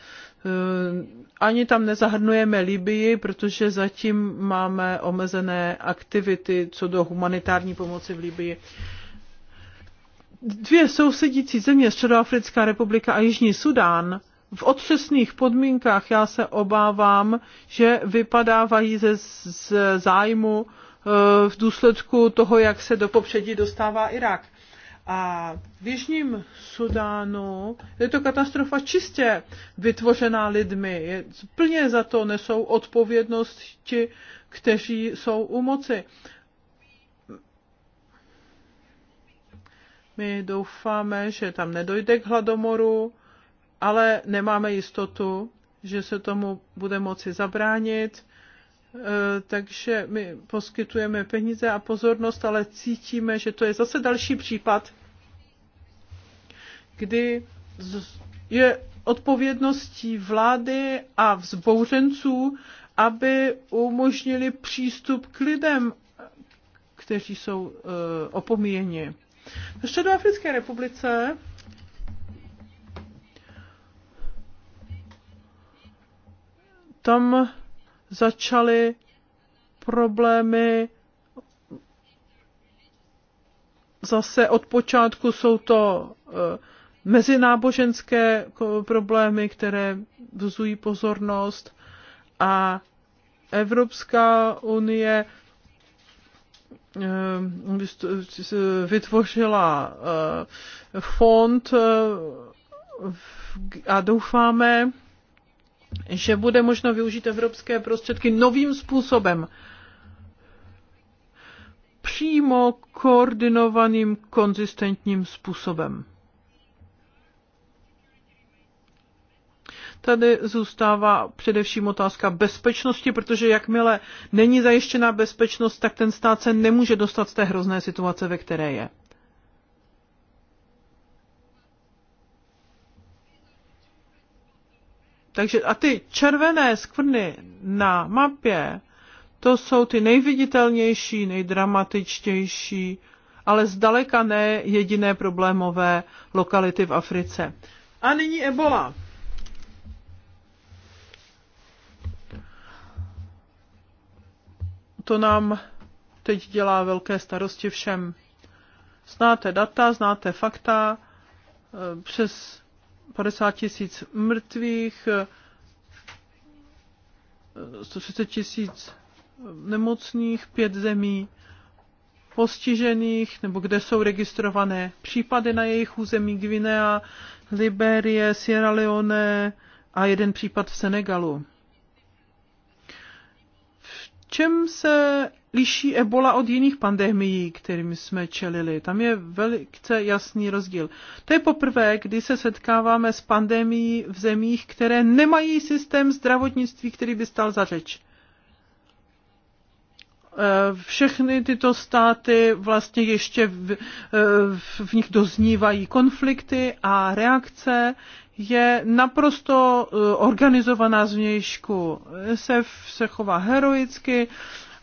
e, ani tam nezahrnujeme Libii, protože zatím máme omezené aktivity co do humanitární pomoci v Libii. Dvě sousedící země, Středoafrická republika a Jižní Sudán, v otřesných podmínkách já se obávám, že vypadávají ze, z zájmu eh, v důsledku toho, jak se do popředí dostává Irák. A v Jižním Sudánu je to katastrofa čistě vytvořená lidmi. Je, plně za to nesou odpovědnost ti, kteří jsou u moci. My doufáme, že tam nedojde k hladomoru, ale nemáme jistotu, že se tomu bude moci zabránit Eh, takže my poskytujeme peníze a pozornost, ale cítíme, že to je zase další případ, kdy je odpovědností vlády a vzbouřenců, aby umožnili přístup k lidem, kteří jsou uh, opomíjeni. V Středoafrické republice tam začaly problémy zase od počátku jsou to eh, mezináboženské problémy, které vzují pozornost a Evropská unie eh, vytvořila eh, fond a doufáme, že bude možno využít evropské prostředky novým způsobem. Přímo koordinovaným, konzistentním způsobem. Tady zůstává především otázka bezpečnosti, protože jakmile není zajištěná bezpečnost, tak ten stát se nemůže dostat z té hrozné situace, ve které je. Takže a ty červené skvrny na mapě, to jsou ty nejviditelnější, nejdramatičtější, ale zdaleka ne jediné problémové lokality v Africe. A nyní Ebola. To nám teď dělá velké starosti všem. Znáte data, znáte fakta, eh, přes 50 tisíc mrtvých, 130 tisíc nemocných, pět zemí postižených, nebo kde jsou registrované případy na jejich území Guinea, Liberie, Sierra Leone a jeden případ v Senegalu. V čem se liší ebola od jiných pandemií, kterými jsme čelili. Tam je velice jasný rozdíl. To je poprvé, kdy se setkáváme s pandemií v zemích, které nemají systém zdravotnictví, který by stal za řeč. Eh, všechny tyto státy vlastně ještě eh, v, v nich doznívají konflikty a reakce je naprosto eh, organizovaná zvnějšku. SF se chová heroicky,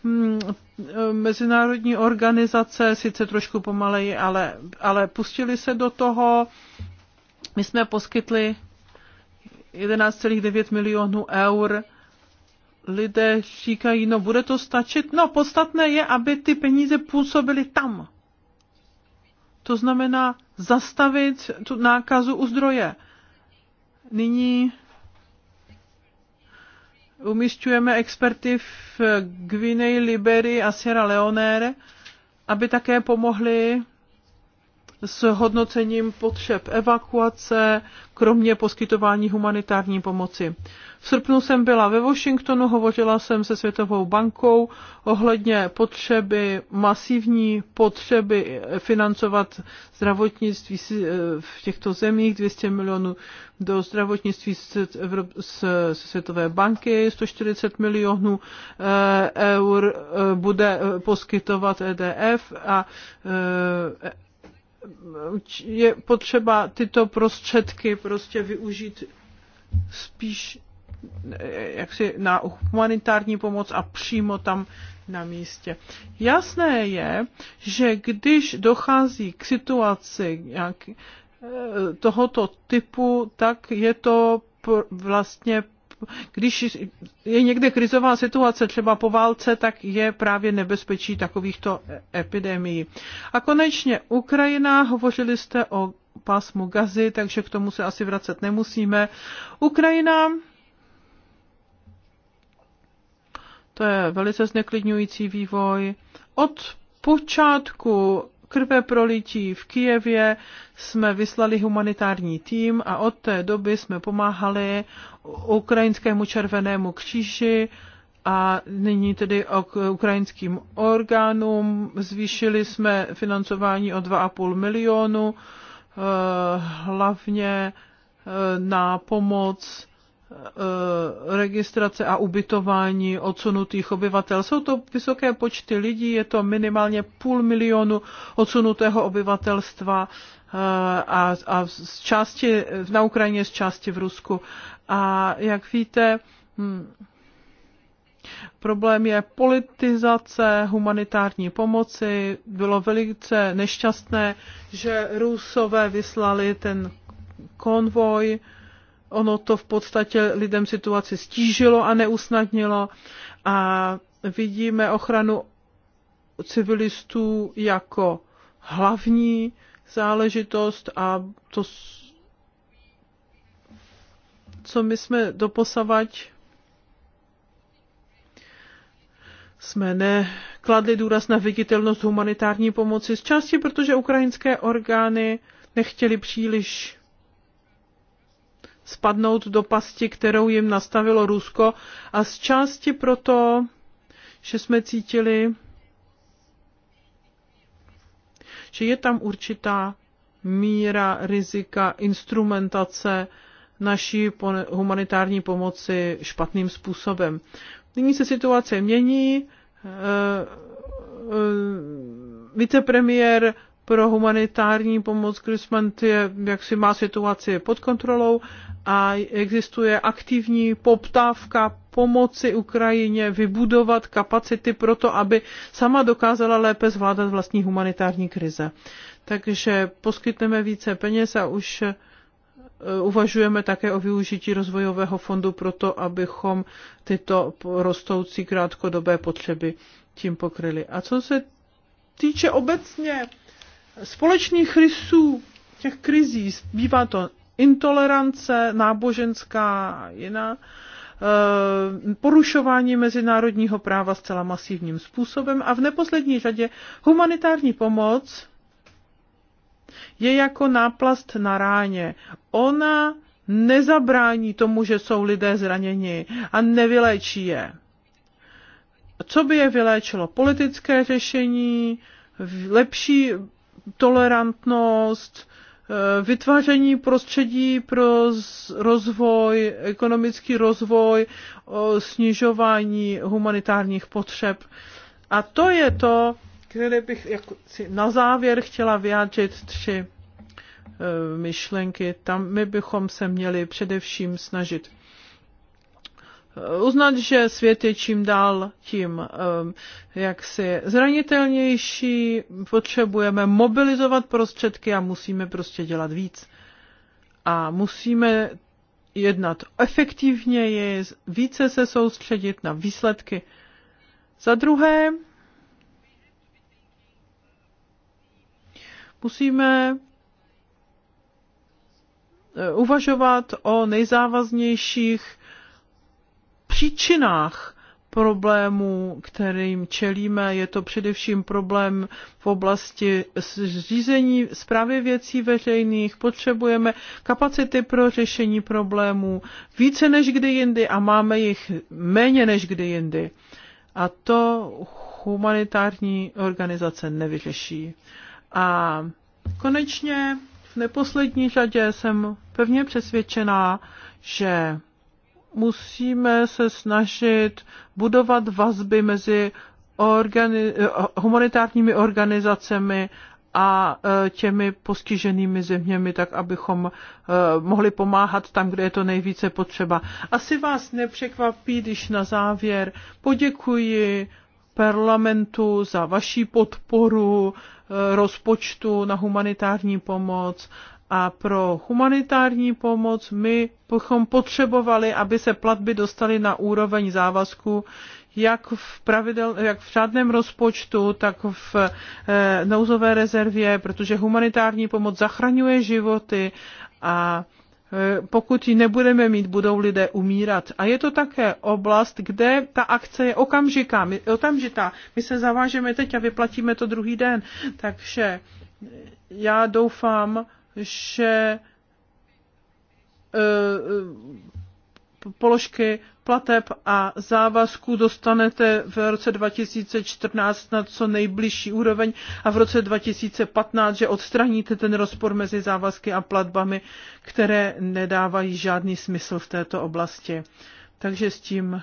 Mm, mm, mezinárodní organizace, sice trošku pomaleji, ale, ale pustili se do toho. My jsme poskytli 11,9 milionů eur lidé říkají, no bude to stačit. No podstatné je, aby ty peníze působily tam. To znamená zastavit tu nákazu u zdroje. Nyní umístujeme experty v Gvineji, Liberii a Sierra Leone, aby také pomohli s hodnocením potřeb evakuace, kromě poskytování humanitární pomoci. V srpnu jsem byla ve Washingtonu, hovořila jsem se Světovou bankou ohledně potřeby, masivní potřeby financovat zdravotnictví eh, v těchto zemích, 200 milionů do zdravotnictví z, Světové banky, 140 milionů eh, eur eh, bude poskytovat EDF a je potřeba tyto prostředky prostě využít spíš eh, jaksi na humanitární pomoc a přímo tam na místě. Jasné je, že když dochází k situaci jak, eh, tohoto typu, tak je to vlastně když je někde krizová situace, třeba po válce, tak je právě nebezpečí takovýchto e- epidemií. A konečně Ukrajina, hovořili jste o pásmu gazy, takže k tomu se asi vracet nemusíme. Ukrajina, to je velice zneklidňující vývoj. Od počátku krve prolití v Kijevě jsme vyslali humanitární tým a od té doby jsme pomáhali ukrajinskému červenému kříži a nyní tedy k ukrajinským orgánům. Zvýšili jsme financování o 2,5 milionu, eh, hlavně eh, na pomoc Eh, registrace a ubytování odsunutých obyvatel. Jsou to vysoké počty lidí, je to minimálně půl milionu odsunutého obyvatelstva eh, a, a z části na Ukrajině, z části v Rusku. A jak víte, hm, Problém je politizace humanitární pomoci. Bylo velice nešťastné, že Rusové vyslali ten konvoj ono to v podstatě lidem situaci stížilo a neusnadnilo a vidíme ochranu civilistů jako hlavní záležitost a to, co my jsme doposavať, jsme nekladli důraz na viditelnost humanitární pomoci z části, protože ukrajinské orgány nechtěli příliš spadnout do pasti, kterou jim nastavilo Rusko a z části proto, že jsme cítili, že je tam určitá míra rizika instrumentace naší humanitární pomoci špatným způsobem. Nyní se situace mění. Eh, eh, vicepremiér pro humanitární pomoc Grismant je, jak si má situaci pod kontrolou a existuje aktivní poptávka pomoci Ukrajině vybudovat kapacity pro to, aby sama dokázala lépe zvládat vlastní humanitární krize. Takže poskytneme více peněz a už eh, uvažujeme také o využití rozvojového fondu pro to, abychom tyto rostoucí krátkodobé potřeby tím pokryli. A co se týče obecně společných rysů těch krizí. Bývá to intolerance náboženská a jiná, eh, porušování mezinárodního práva zcela masivním způsobem a v neposlední řadě humanitární pomoc je jako náplast na ráně. Ona nezabrání tomu, že jsou lidé zraněni a nevyléčí je. Co by je vyléčilo? Politické řešení, lepší tolerantnost, eh, vytváření prostředí pro rozvoj, ekonomický rozvoj, snižování humanitárních potřeb. A to je to, které bych jako si na závěr chtěla vyjádřit tři eh, myšlenky. Tam my bychom se měli především snažit uznat, že svět je čím dál tím um, jaksi zranitelnější, potřebujeme mobilizovat prostředky a musíme prostě dělat víc. A musíme jednat efektivněji, více se soustředit na výsledky. Za druhé, musíme eh, uvažovat o nejzávaznějších příčinách problémů, kterým čelíme. Je to především problém v oblasti řízení zprávy věcí veřejných. Potřebujeme kapacity pro řešení problémů více než kdy jindy a máme jich méně než kdy jindy. A to humanitární organizace nevyřeší. A konečně v neposlední řadě jsem pevně přesvědčená, že musíme se snažit budovat vazby mezi organi- eh, humanitárními organizacemi a eh, těmi postiženými zeměmi, tak abychom eh, mohli pomáhat tam, kde je to nejvíce potřeba. Asi vás nepřekvapí, když na závěr poděkuji parlamentu za vaši podporu rozpočtu na humanitární pomoc a pro humanitární pomoc my bychom potřebovali, aby se platby dostaly na úroveň závazku, jak v, pravidel, jak v řádném rozpočtu, tak v e, nouzové rezervě, protože humanitární pomoc zachraňuje životy a eh, pokud ji nebudeme mít, budou lidé umírat. A je to také oblast, kde ta akce je okamžiká, my, okamžitá. My se zavážeme teď a vyplatíme to druhý den. Takže já doufám, že eh, eh, položky plateb a závazků dostanete v roce 2014 na co nejbližší úroveň a v roce 2015, že odstraníte ten rozpor mezi závazky a platbami, které nedávají žádný smysl v této oblasti. Takže s tím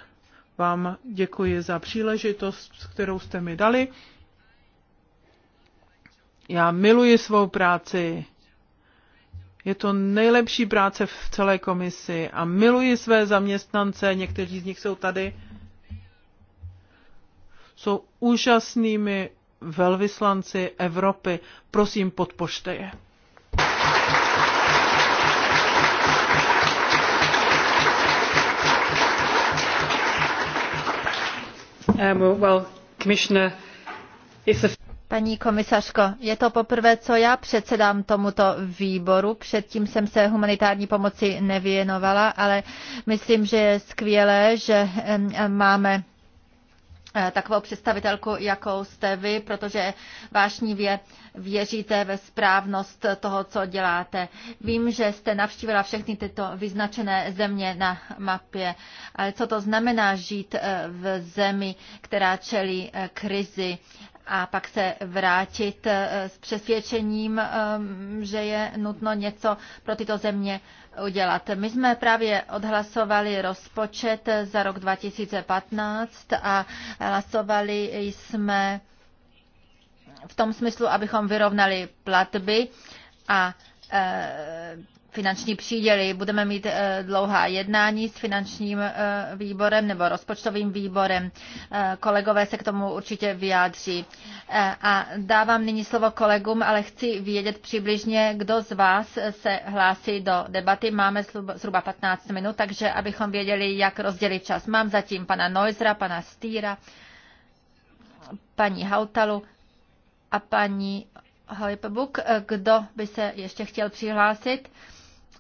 vám děkuji za příležitost, kterou jste mi dali. Já miluji svou práci je to nejlepší práce v celé komisi a miluji své zaměstnance, někteří z nich jsou tady. Jsou úžasnými velvyslanci Evropy. Prosím, podpořte je. Um, well, Commissioner, it's a Paní komisařko, je to poprvé, co já předsedám tomuto výboru. Předtím jsem se humanitární pomoci nevěnovala, ale myslím, že je skvělé, že máme e, takovou představitelku, jakou jste vy, protože vášnivě věříte ve správnost toho, co děláte. Vím, že jste navštívila všechny tyto vyznačené země na mapě, ale co to znamená žít e, v zemi, která čelí e, krizi a pak se vrátit eh, s přesvědčením, eh, že je nutno něco pro tyto země udělat. My jsme právě odhlasovali rozpočet za rok 2015 a hlasovali jsme v tom smyslu, abychom vyrovnali platby a Eh, finanční příděly. Budeme mít eh, dlouhá jednání s finančním eh, výborem nebo rozpočtovým výborem. Kolegové se k tomu určitě vyjádří. A dávám nyní slovo kolegům, ale chci vědět přibližně, kdo z vás se hlásí do debaty. Máme zhruba 15 minut, takže abychom věděli, jak rozdělit čas. Mám zatím pana Noizra, pana Stýra, paní Hautalu a paní Hojpbuk. Eh, kdo by se ještě chtěl přihlásit?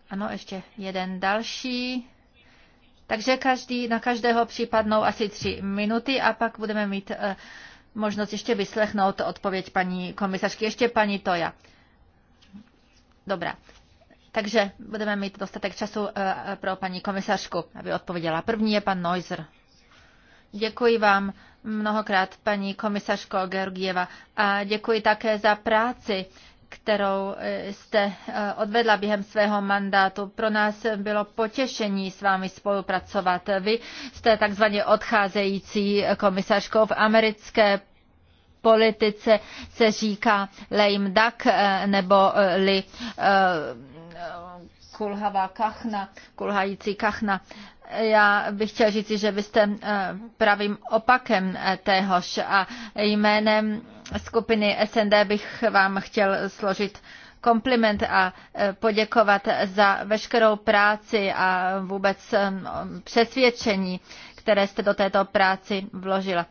Ano, ještě jeden další. Takže každý, na každého připadnou asi tři minuty a pak budeme mít eh, možnost ještě vyslechnout odpověď paní komisařky. Ještě paní Toja. Dobrá. Takže budeme mít dostatek času eh, pro paní komisařku, aby odpověděla. První je pan Neuser. Děkuji vám mnohokrát, paní komisařko Georgieva, a děkuji také za práci, kterou e, jste e, odvedla během svého mandátu. Pro nás bylo potěšení s vámi spolupracovat. Vy jste takzvaně odcházející komisařkou v americké politice se říká lame duck e, nebo li kulhavá kachna, kulhající kachna. Já bych chtěl říct, že vy jste eh, pravým opakem eh, téhož a jménem skupiny SND bych vám chtěl složit kompliment a eh, poděkovat za veškerou práci a vůbec přesvědčení, které jste do této práci vložila.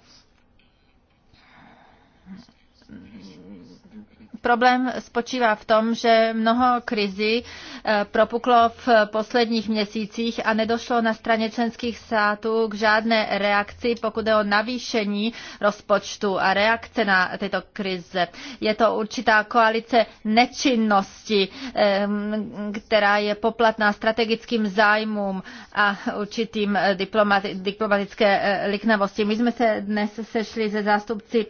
Problém spočívá v tom, že mnoho krizi eh, propuklo v posledních měsících a nedošlo na straně členských států k žádné reakci, pokud je o navýšení rozpočtu a reakce na tyto krize. Je to určitá koalice nečinnosti, eh, která je poplatná strategickým zájmům a určitým eh, diplomati- diplomatické liknavosti. My jsme se dnes sešli se zástupci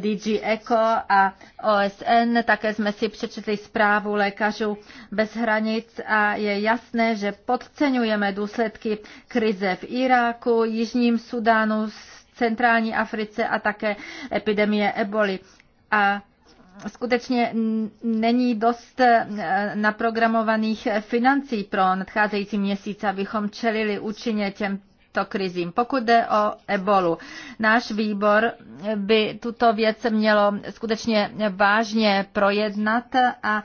DG ECO a OSN OSN, také jsme si přečetli zprávu lékařů bez hranic a je jasné, že podceňujeme důsledky krize v Iráku, Jižním Sudánu, centrální Africe a také epidemie eboli. A skutečně není dost e, naprogramovaných financí pro nadcházející měsíc, abychom čelili účinně těm těchto krizím. Pokud jde o ebolu, náš výbor by tuto věc mělo skutečně vážně projednat a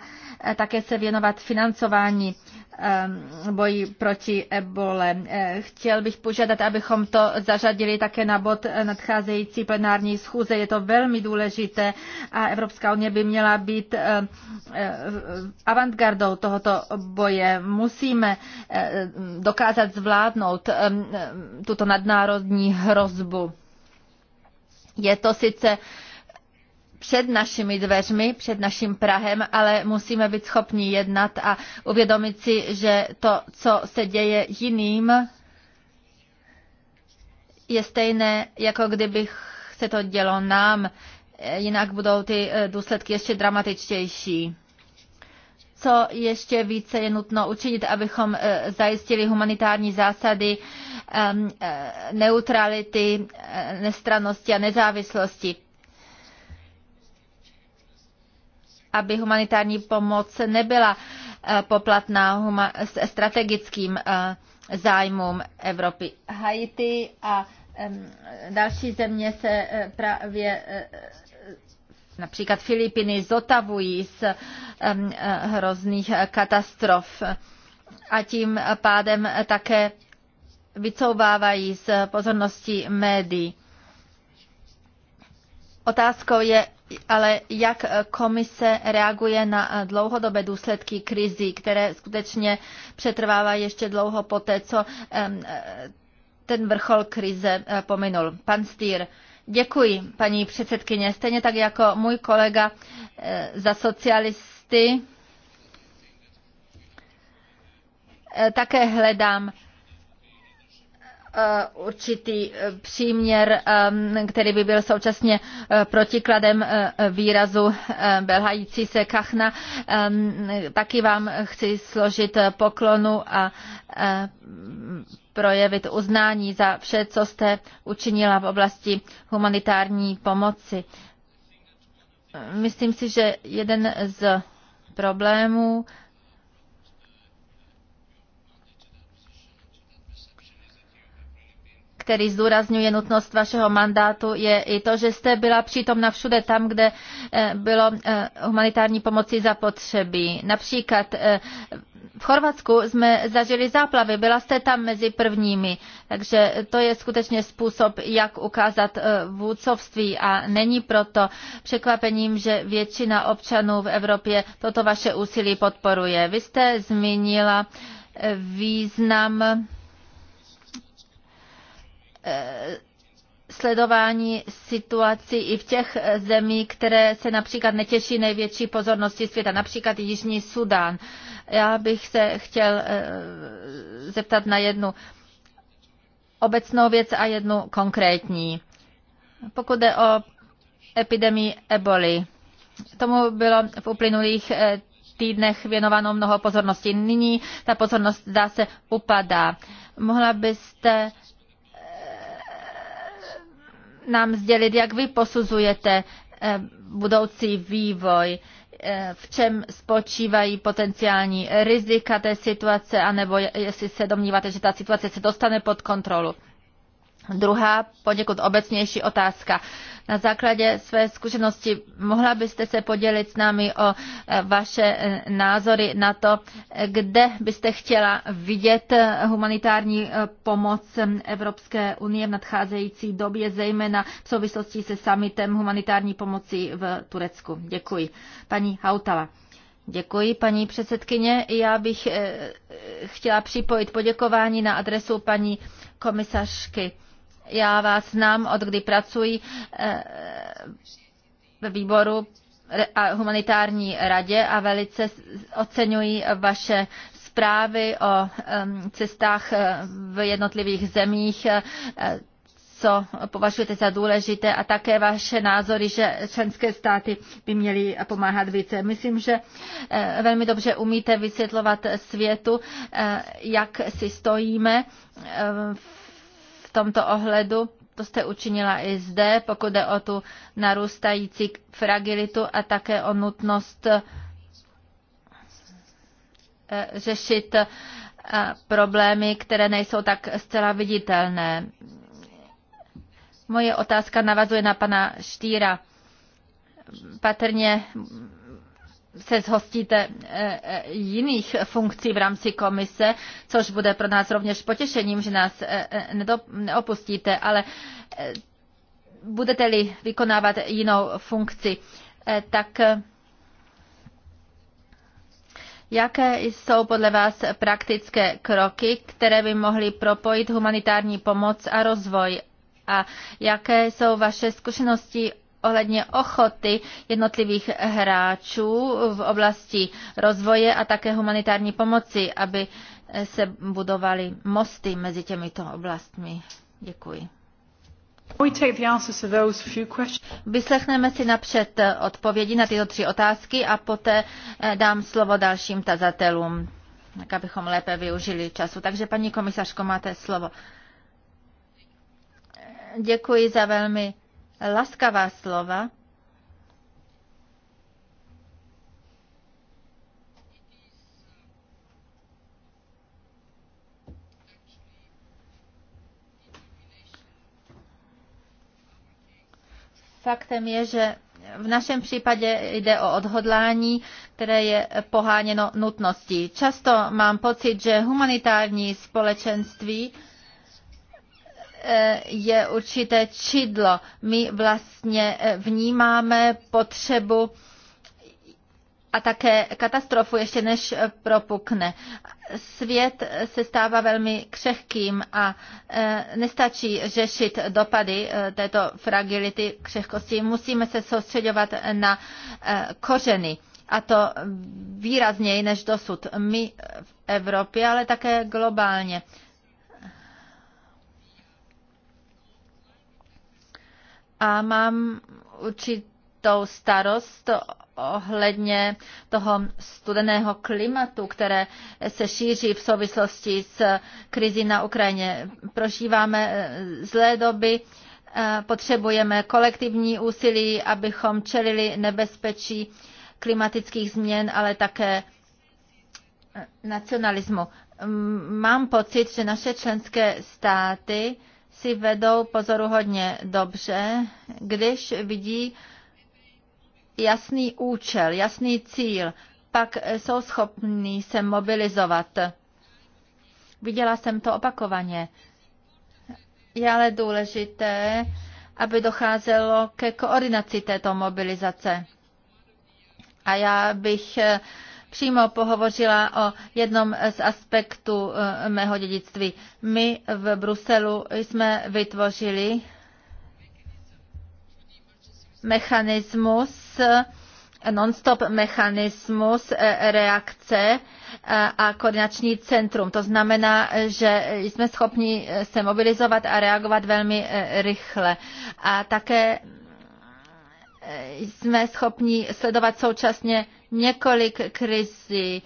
také se věnovat financování Ehm, boji proti ebole. Eh, chtěl bych požádat, abychom to zařadili také na bod eh, nadcházející plenární schůze. Je to velmi důležité a Evropská unie by měla být eh, avantgardou tohoto boje. Musíme dokázat zvládnout ehm, tuto nadnárodní hrozbu. Je to sice před našimi dveřmi, před naším Prahem, ale musíme být schopni jednat a uvědomit si, že to, co se děje jiným, je stejné, jako kdybych se to dělo nám, jinak budou ty eh, důsledky ještě dramatičtější co ještě více je nutno učinit, abychom eh, zajistili humanitární zásady ehm, eh, neutrality, nestrannosti a nezávislosti. aby humanitární pomoc nebyla eh, poplatná strategickým eh, zájmům Evropy. Haiti a další země se eh, právě například Filipiny zotavují z hrozných katastrof a tím pádem také vycouvávají z pozornosti médií. Otázkou je ale jak eh, komise reaguje na eh, dlouhodobé důsledky krizí, které skutečně přetrvávají ještě dlouho po té, co eh, ten vrchol krize pominul. Pan Stýr, děkuji, paní předsedkyně. Stejně tak jako můj kolega za socialisty, také hledám Eh, určitý eh, příměr, eh, který by byl současně protikladem výrazu belhající se kachna. Taky vám chci složit poklonu a projevit uznání za vše, co jste učinila v oblasti humanitární pomoci. Myslím si, že jeden z problémů který zdůrazňuje nutnost vašeho mandátu, je i to, že jste byla přítomna všude tam, kde eh, bylo eh, humanitární pomoci zapotřebí. Například eh, v Chorvatsku jsme zažili záplavy, byla jste tam mezi prvními, takže to je skutečně způsob, jak ukázat vůdcovství a není proto překvapením, že většina občanů v Evropě toto vaše úsilí podporuje. Vy jste zmínila význam Eh, sledování situací i v těch eh, zemí, které se například netěší největší pozornosti světa, například Jižní Sudán. Já bych se chtěl eh, zeptat na jednu obecnou věc a jednu konkrétní. Pokud jde o epidemii eboli, tomu bylo v uplynulých týdnech věnováno mnoho pozornosti. Nyní ta pozornost zase se upadá. Mohla byste nám sdělit, jak vy posuzujete eh, budoucí vývoj, eh, v čem spočívají potenciální rizika té situace, anebo jestli se domníváte, že ta situace se dostane pod kontrolu. Druhá, poněkud obecnější otázka na základě své zkušenosti. Mohla byste se podělit s námi o e, vaše e, názory na to, e, kde byste chtěla vidět humanitární pomoc Evropské unie v nadcházející době, zejména v souvislosti se summitem humanitární pomoci v Turecku. Děkuji. Paní Hautala. Děkuji, paní předsedkyně. Já bych chtěla připojit poděkování na adresu paní komisařky. Já vás znám, od kdy pracuji eh, ve výboru a humanitární radě a velice oceňuji vaše zprávy o cestách eh, v jednotlivých zemích, eh, co považujete za důležité a také vaše názory, že členské státy by měly pomáhat více. Myslím, že velmi dobře umíte vysvětlovat světu, jak si stojíme v v tomto ohledu. To jste učinila i zde, pokud jde o tu narůstající fragilitu a také o nutnost eh, řešit eh, problémy, které nejsou tak zcela viditelné. Moje otázka navazuje na pana Štýra. Patrně se zhostíte e, e, jiných funkcí v rámci komise, což bude pro nás rovněž potěšením, že nás e, neopustíte, ale budete-li vykonávat jinou funkci, tak Jaké jsou podle vás praktické kroky, které by mohly propojit humanitární pomoc a rozvoj? A jaké jsou vaše zkušenosti ohledně ochoty jednotlivých hráčů v oblasti rozvoje a také humanitární pomoci, aby se budovaly mosty mezi těmito oblastmi. Děkuji. Vyslechneme si napřed odpovědi na tyto tři otázky a poté eh, dám slovo dalším tazatelům, tak abychom lépe využili času. Takže paní komisařko, máte slovo. Děkuji za velmi laskavá slova, Faktem je, že v našem případě jde o odhodlání, které je poháněno nutností. Často mám pocit, že humanitární společenství je určité čidlo. My vlastně eh, vnímáme potřebu a také katastrofu, ještě než eh, propukne. Svět eh, se stává velmi křehkým a nestačí řešit dopady této fragility křehkosti. Musíme se soustředovat na kořeny a to výrazněji než dosud. My v Evropě, ale také globálně. a mám určitou starost ohledně toho studeného klimatu, které se šíří v souvislosti s krizi na Ukrajině. Prožíváme eh, zlé doby, eh, potřebujeme kolektivní úsilí, abychom čelili nebezpečí klimatických změn, ale také eh, nacionalismu. Mám pocit, že naše členské státy si vedou pozoruhodně dobře, když vidí jasný účel, jasný cíl, pak jsou schopní se mobilizovat. Viděla jsem to opakovaně. Je ale důležité, aby docházelo ke koordinaci této mobilizace. A já bych přímo pohovořila o jednom z aspektů e, mého dědictví. My v Bruselu jsme vytvořili mechanismus, non-stop mechanismus e, reakce e, a koordinační centrum. To znamená, že jsme schopni se mobilizovat a reagovat velmi rychle. A také jsme schopni sledovat současně několik krizí.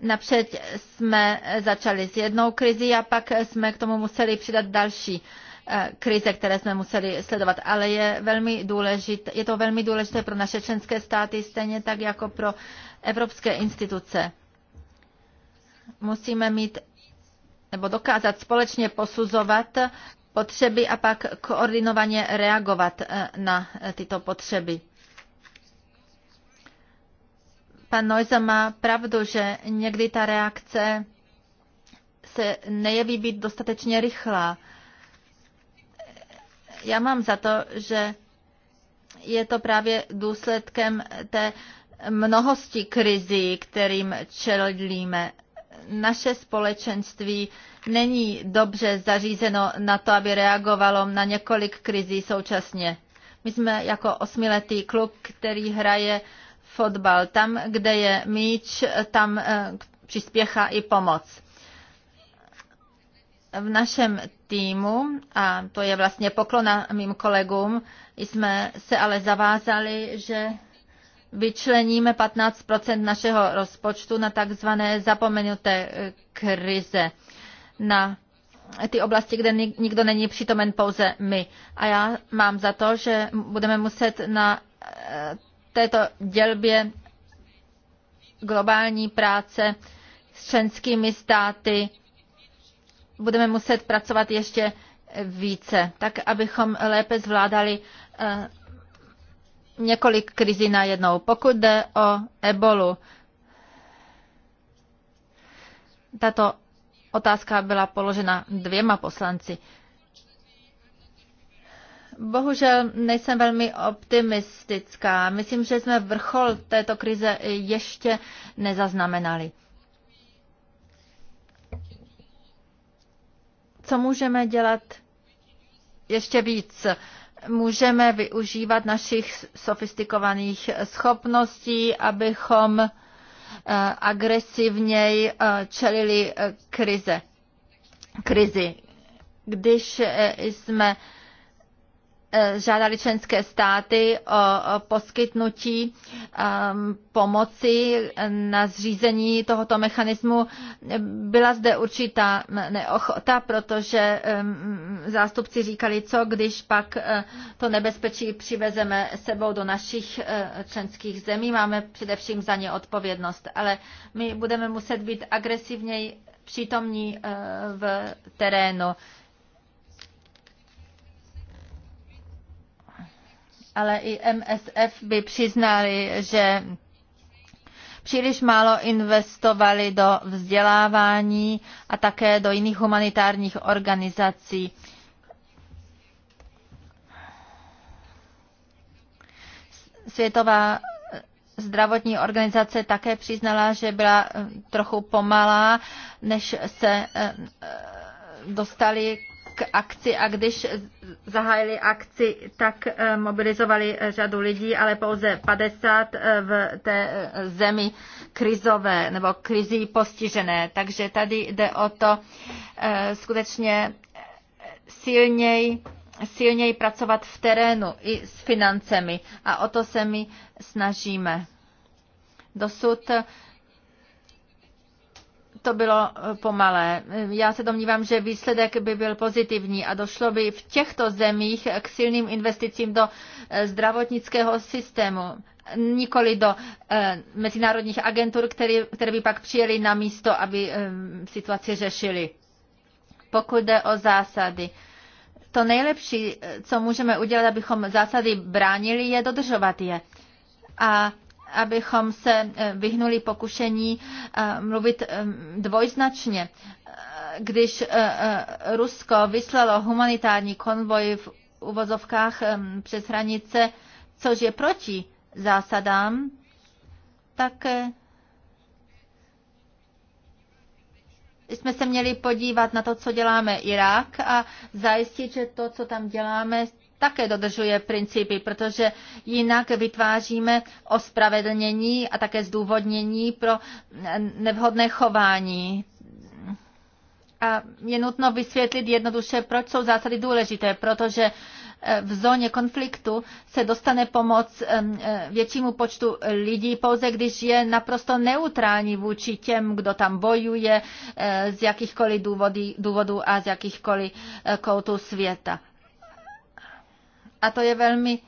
Napřed jsme začali s jednou krizí a pak jsme k tomu museli přidat další eh, krize, které jsme museli sledovat, ale je, velmi důležité, je to velmi důležité pro naše členské státy, stejně tak jako pro evropské instituce. Musíme mít nebo dokázat společně posuzovat potřeby a pak koordinovaně reagovat eh, na eh, tyto potřeby. Pan Noiza má pravdu, že někdy ta reakce se nejeví být dostatečně rychlá. Já mám za to, že je to právě důsledkem té mnohosti krizí, kterým čelíme. Naše společenství není dobře zařízeno na to, aby reagovalo na několik krizí současně. My jsme jako osmiletý klub, který hraje uh, fotbal. Tam, kde je míč, tam eh, přispěchá i pomoc. V našem týmu, a to je vlastně poklona mým kolegům, jsme se ale zavázali, že vyčleníme 15 našeho rozpočtu na takzvané zapomenuté eh, krize, na ty oblasti, kde nikdo není přítomen pouze my. A já mám za to, že budeme muset na eh, této dělbě globální práce s členskými státy budeme muset pracovat ještě více, tak abychom lépe zvládali eh, několik krizí najednou. Pokud jde o ebolu, tato otázka byla položena dvěma poslanci. Bohužel nejsem velmi optimistická. Myslím, že jsme vrchol této krize ještě nezaznamenali. Co můžeme dělat ještě víc? Můžeme využívat našich sofistikovaných schopností, abychom eh, agresivněji eh, čelili eh, krize. krizi. Když jsme Eh, žádali členské státy o poskytnutí ehm, pomoci na zřízení tohoto mechanismu. Byla zde určitá neochota, protože ehm, zástupci říkali, co když pak eh, to nebezpečí přivezeme sebou do našich eh, členských zemí. Máme především za ně odpovědnost, ale my budeme muset být agresivněji přítomní v terénu. ale i MSF by přiznali, že příliš málo investovali do vzdělávání a také do jiných humanitárních organizací. Světová zdravotní organizace také přiznala, že byla eh, trochu pomalá, než se eh, eh, dostali k akci a když zahájili akci, tak eh, mobilizovali eh, řadu lidí, ale pouze 50 eh, v té zemi krizové nebo krizí postižené. Takže tady jde o to skutečně silněji silněji pracovat v terénu i s financemi a o to se my snažíme. Dosud to bylo eh, pomalé. Já se domnívám, že výsledek by byl pozitivní a došlo by v těchto zemích k silným investicím do eh, zdravotnického systému nikoli do eh, mezinárodních agentur, které, které by pak přijeli na místo, aby situaci řešili. Pokud jde o zásady, to nejlepší, co můžeme udělat, abychom zásady bránili, je dodržovat je. A abychom se eh, vyhnuli pokušení eh, mluvit eh, dvojznačně. Když Rusko vyslalo humanitární konvoj v uvozovkách přes hranice, což je proti zásadám, tak jsme se měli podívat na to, co děláme Irák a zajistit, že to, co tam děláme, také dodržuje principy, protože jinak vytváříme ospravedlnění a také zdůvodnění pro nevhodné chování. A je nutno vysvětlit jednoduše, proč jsou zásady důležité, protože eh, v zóně konfliktu se dostane pomoc eh, eh, většímu počtu lidí pouze, když je naprosto neutrální vůči těm, kdo tam bojuje z jakýchkoliv důvodů a z jakýchkoliv koutů světa. A to je velmi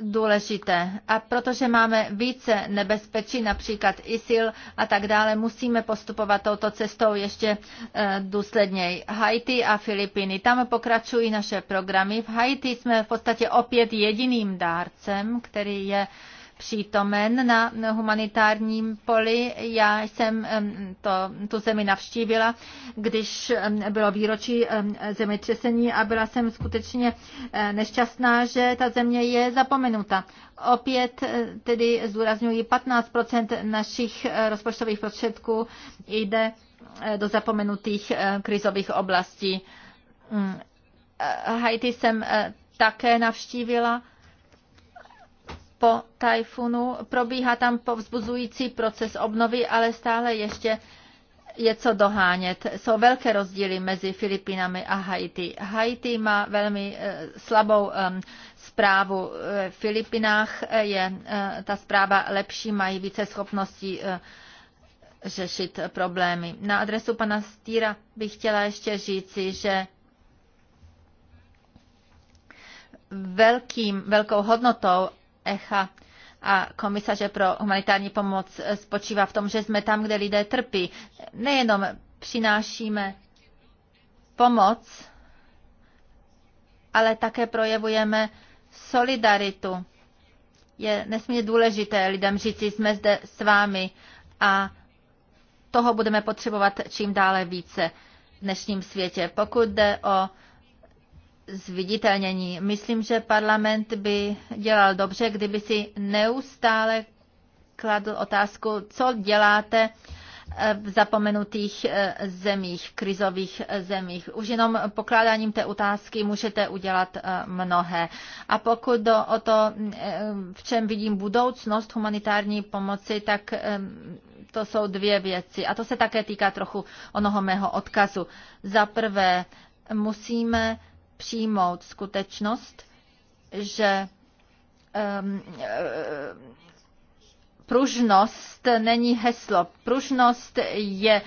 důležité. A protože máme více nebezpečí, například ISIL a tak dále, musíme postupovat touto cestou ještě eh, důsledněji. Haiti a Filipiny. Tam pokračují naše programy. V Haiti jsme v podstatě opět jediným dárcem, který je přítomen na humanitárním poli. Já jsem to, tu zemi navštívila, když bylo výročí zemětřesení a byla jsem skutečně eh, nešťastná, že ta země je zapomenuta. Opět eh, tedy zdůrazňuji, 15 našich eh, rozpočtových prostředků jde do zapomenutých krizových oblastí. Mm. Haiti jsem také navštívila po tajfunu. Probíhá tam povzbuzující proces obnovy, ale stále ještě je co dohánět. Jsou velké rozdíly mezi Filipinami a Haiti. Haiti má velmi eh, slabou zprávu. Eh, v Filipinách eh, je ta zpráva lepší, mají více schopností řešit problémy. Na adresu pana Stýra bych chtěla ještě říci, že velkým, velkou hodnotou ECHA a komisaře pro humanitární pomoc spočívá v tom, že jsme tam, kde lidé trpí. Nejenom přinášíme pomoc, ale také projevujeme solidaritu. Je nesmírně důležité lidem říci, jsme zde s vámi a toho budeme potřebovat čím dále více v dnešním světě. Pokud jde o zviditelnění. Myslím, že parlament by dělal dobře, kdyby si neustále kladl otázku, co děláte eh, v zapomenutých eh, zemích, v krizových eh, zemích. Už jenom pokládáním té otázky můžete udělat mnohé. A pokud do, o to, v čem vidím budoucnost humanitární pomoci, tak to jsou dvě věci. A to se také týká trochu onoho mého odkazu. Za prvé, musíme přijmout skutečnost, že pružnost není heslo. Pružnost je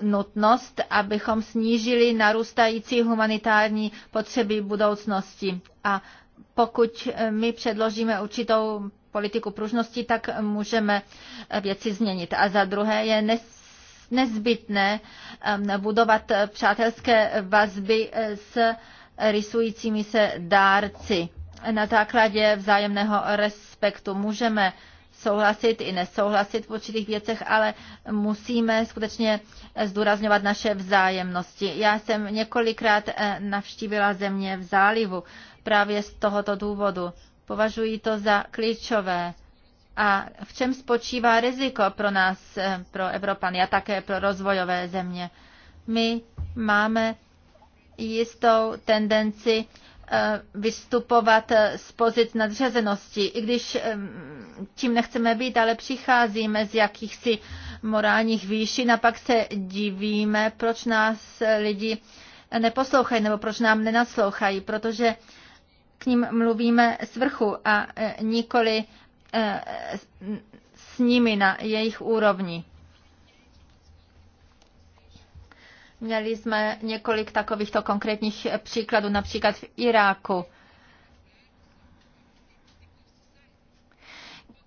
nutnost, abychom snížili narůstající humanitární potřeby budoucnosti. A pokud my předložíme určitou politiku pružnosti, tak můžeme věci změnit. A za druhé je nezbytné budovat přátelské vazby s rysujícími se dárci. Na základě vzájemného respektu můžeme souhlasit i nesouhlasit v určitých věcech, ale musíme skutečně zdůrazňovat naše vzájemnosti. Já jsem několikrát eh, navštívila země v zálivu právě z tohoto důvodu. Považuji to za klíčové. A v čem spočívá riziko pro nás, eh, pro Evropany a také pro rozvojové země? My máme jistou tendenci eh, vystupovat eh, z pozic nadřazenosti, i když eh, tím nechceme být, ale přicházíme z jakýchsi morálních výšin a pak se divíme, proč nás lidi neposlouchají nebo proč nám nenaslouchají, protože k ním mluvíme z vrchu a nikoli s nimi na jejich úrovni. Měli jsme několik takovýchto konkrétních příkladů, například v Iráku.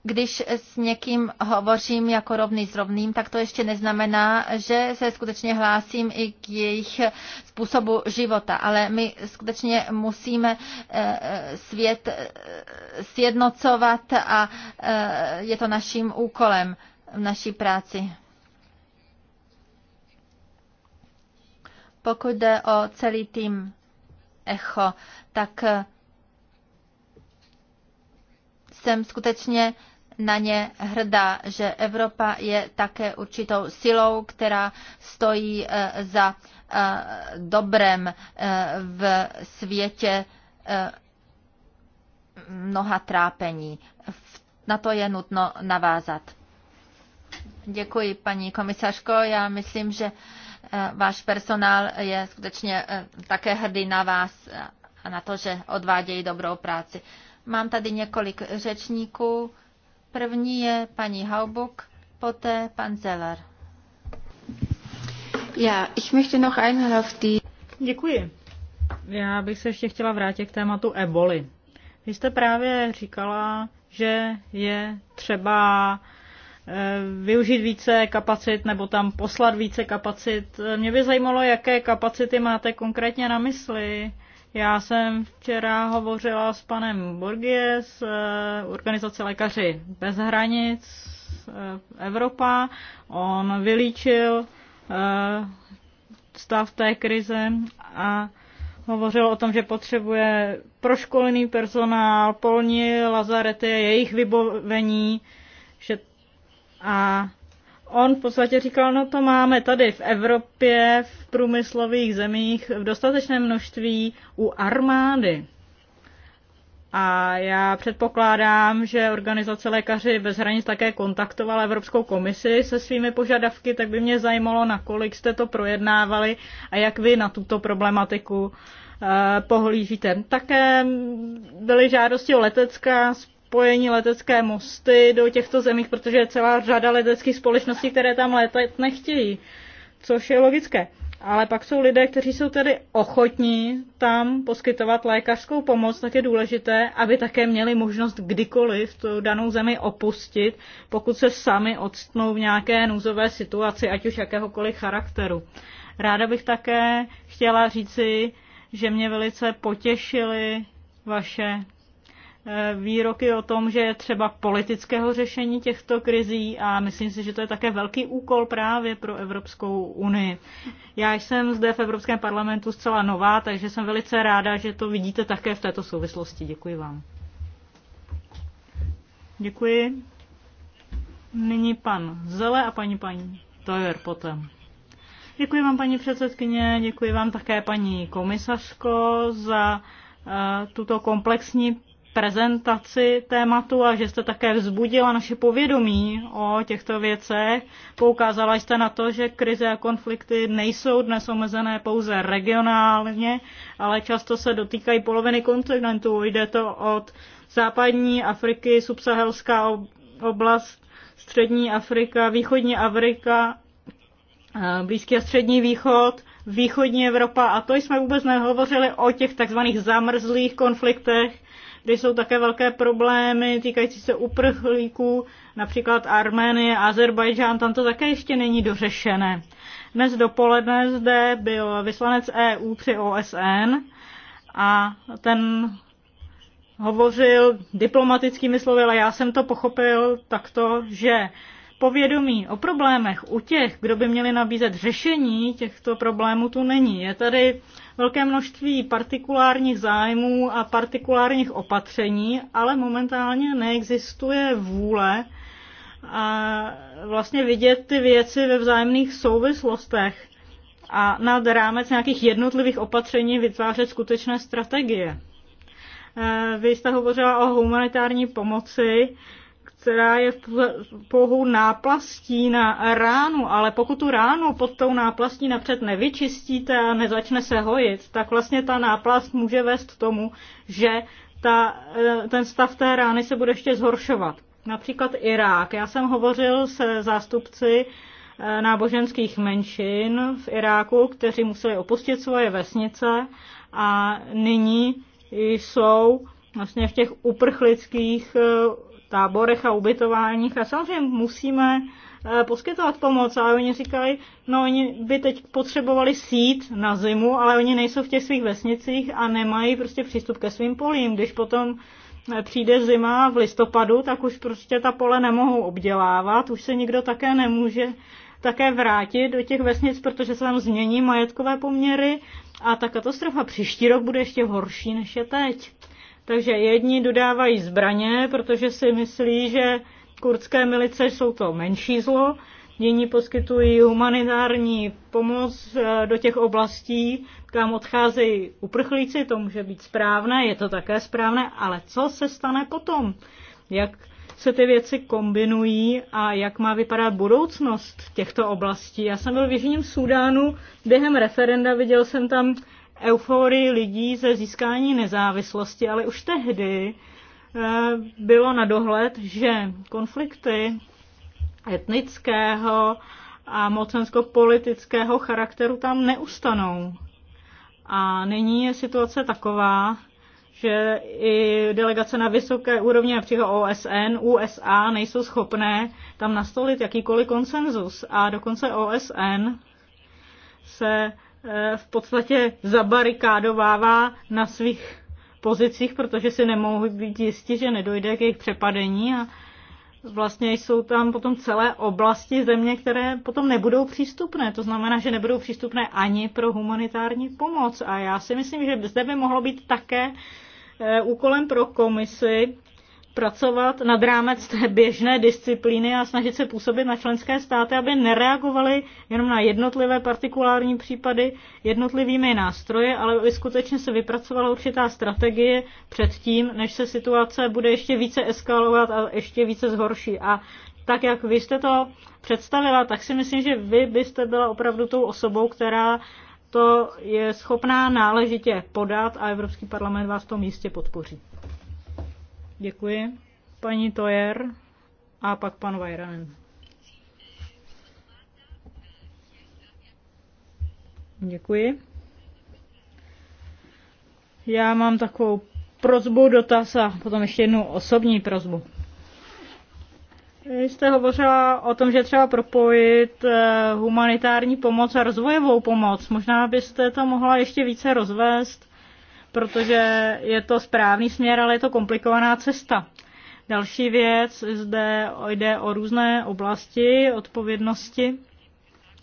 když s někým hovořím jako rovný s rovným, tak to ještě neznamená, že se skutečně hlásím i k jejich způsobu života. Ale my skutečně musíme eh, svět eh, sjednocovat a eh, je to naším úkolem v naší práci. Pokud jde o celý tým ECHO, tak eh, jsem skutečně na ně hrdá, že Evropa je také určitou silou, která stojí eh, za eh, dobrem v světě mnoha trápení. Na to je nutno navázat. Děkuji, paní komisařko. Já myslím, že Eh, váš personál je skutečně eh, také hrdý na vás eh, a na to, že odvádějí dobrou práci. Mám tady několik řečníků. První je paní Haubuk, poté pan Zeller. Já, ich möchte noch einmal auf die... Děkuji. Já bych se ještě chtěla vrátit k tématu eboli. Vy jste právě říkala, že je třeba Eh, využít více kapacit nebo tam poslat více kapacit. Mě by zajímalo, jaké kapacity máte konkrétně na mysli. Já jsem včera hovořila s panem Borgie z eh, organizace Lékaři bez hranic eh, Evropa. On vylíčil stav té krize a hovořil o tom, že potřebuje proškolený personál, polní lazarety, jejich vybavení, že a on v podstatě říkal, no to máme tady v Evropě, v průmyslových zemích v dostatečném množství u armády. A já předpokládám, že organizace Lékaři bez hranic také kontaktovala Evropskou komisi se svými požadavky, tak by mě zajímalo, nakolik jste to projednávali a jak vy na tuto problematiku eh, pohlížíte. Také byly žádosti o letecká spojení letecké mosty do těchto zemích, protože je celá řada leteckých společností, které tam letat nechtějí, což je logické. Ale pak jsou lidé, kteří jsou tedy ochotní tam poskytovat lékařskou pomoc, tak je důležité, aby také měli možnost kdykoliv tu danou zemi opustit, pokud se sami odstnou v nějaké nouzové situaci, ať už jakéhokoliv charakteru. Ráda bych také chtěla říci, že mě velice potěšily vaše Eh, výroky o tom, že je třeba politického řešení těchto krizí a myslím si, že to je také velký úkol právě pro Evropskou unii. Já jsem zde v Evropském parlamentu zcela nová, takže jsem velice ráda, že to vidíte také v této souvislosti. Děkuji vám. Děkuji. Nyní pan Zele a paní paní Tojer potom. Děkuji vám, paní předsedkyně, děkuji vám také, paní komisařko, za eh, tuto komplexní prezentaci tématu a že jste také vzbudila naše povědomí o těchto věcech. Poukázala jste na to, že krize a konflikty nejsou dnes omezené pouze regionálně, ale často se dotýkají poloviny kontinentu. Jde to od západní Afriky, subsahelská oblast, střední Afrika, východní Afrika, eh, Blízký a střední východ, východní Evropa a to jsme vůbec nehovořili o těch takzvaných zamrzlých konfliktech, kde jsou také velké problémy týkající se uprchlíků, například Arménie, Azerbajdžán, tam to také ještě není dořešené. Dnes dopoledne zde byl vyslanec EU při OSN a ten hovořil diplomatickými slovy, ale já jsem to pochopil takto, že povědomí o problémech u těch, kdo by měli nabízet řešení těchto problémů, tu není. Je tady velké množství partikulárních zájmů a partikulárních opatření, ale momentálně neexistuje vůle a vlastně vidět ty věci ve vzájemných souvislostech a nad rámec nějakých jednotlivých opatření vytvářet skutečné strategie. E, vy jste hovořila o humanitární pomoci která je pohu náplastí na ránu, ale pokud tu ránu pod tou náplastí napřed nevyčistíte a nezačne se hojit, tak vlastně ta náplast může vést k tomu, že ta, eh, ten stav té rány se bude ještě zhoršovat. Například Irák. Já jsem hovořil se zástupci eh, náboženských menšin v Iráku, kteří museli opustit svoje vesnice a nyní jsou vlastně v těch uprchlických eh, táborech a ubytováních a samozřejmě musíme eh, poskytovat pomoc, ale oni říkali, no oni by teď potřebovali sít na zimu, ale oni nejsou v těch svých vesnicích a nemají prostě přístup ke svým polím. Když potom eh, přijde zima v listopadu, tak už prostě ta pole nemohou obdělávat, už se nikdo také nemůže také vrátit do těch vesnic, protože se tam změní majetkové poměry a ta katastrofa příští rok bude ještě horší, než je teď. Takže jedni dodávají zbraně, protože si myslí, že kurdské milice jsou to menší zlo, jiní poskytují humanitární pomoc eh, do těch oblastí, kam odcházejí uprchlíci, to může být správné, je to také správné, ale co se stane potom? Jak se ty věci kombinují a jak má vypadat budoucnost těchto oblastí. Já jsem byl v Jižním Súdánu během referenda, viděl jsem tam euforii lidí ze získání nezávislosti, ale už tehdy eh, bylo na dohled, že konflikty etnického a mocensko-politického charakteru tam neustanou. A nyní je situace taková, že i delegace na vysoké úrovni, například OSN, USA, nejsou schopné tam nastolit jakýkoliv konsenzus. A dokonce OSN se Eh, v podstatě zabarikádovává na svých pozicích, protože si nemohou být jistí, že nedojde k jejich přepadení a vlastně jsou tam potom celé oblasti země, které potom nebudou přístupné. To znamená, že nebudou přístupné ani pro humanitární pomoc. A já si myslím, že zde by mohlo být také eh, úkolem pro komisi pracovat nad rámec té běžné disciplíny a snažit se působit na členské státy, aby nereagovaly jenom na jednotlivé partikulární případy jednotlivými nástroji, ale aby skutečně se vypracovala určitá strategie před tím, než se situace bude ještě více eskalovat a ještě více zhorší. A tak, jak vy jste to představila, tak si myslím, že vy byste byla opravdu tou osobou, která to je schopná náležitě podat a Evropský parlament vás v tom jistě podpoří. Děkuji. Paní Tojer a pak pan Vajranen. Děkuji. Já mám takovou prozbu, dotaz a potom ještě jednu osobní prozbu. Vy jste hovořila o tom, že třeba propojit eh, humanitární pomoc a rozvojovou pomoc. Možná byste to mohla ještě více rozvést protože je to správný směr, ale je to komplikovaná cesta. Další věc, zde jde o různé oblasti odpovědnosti.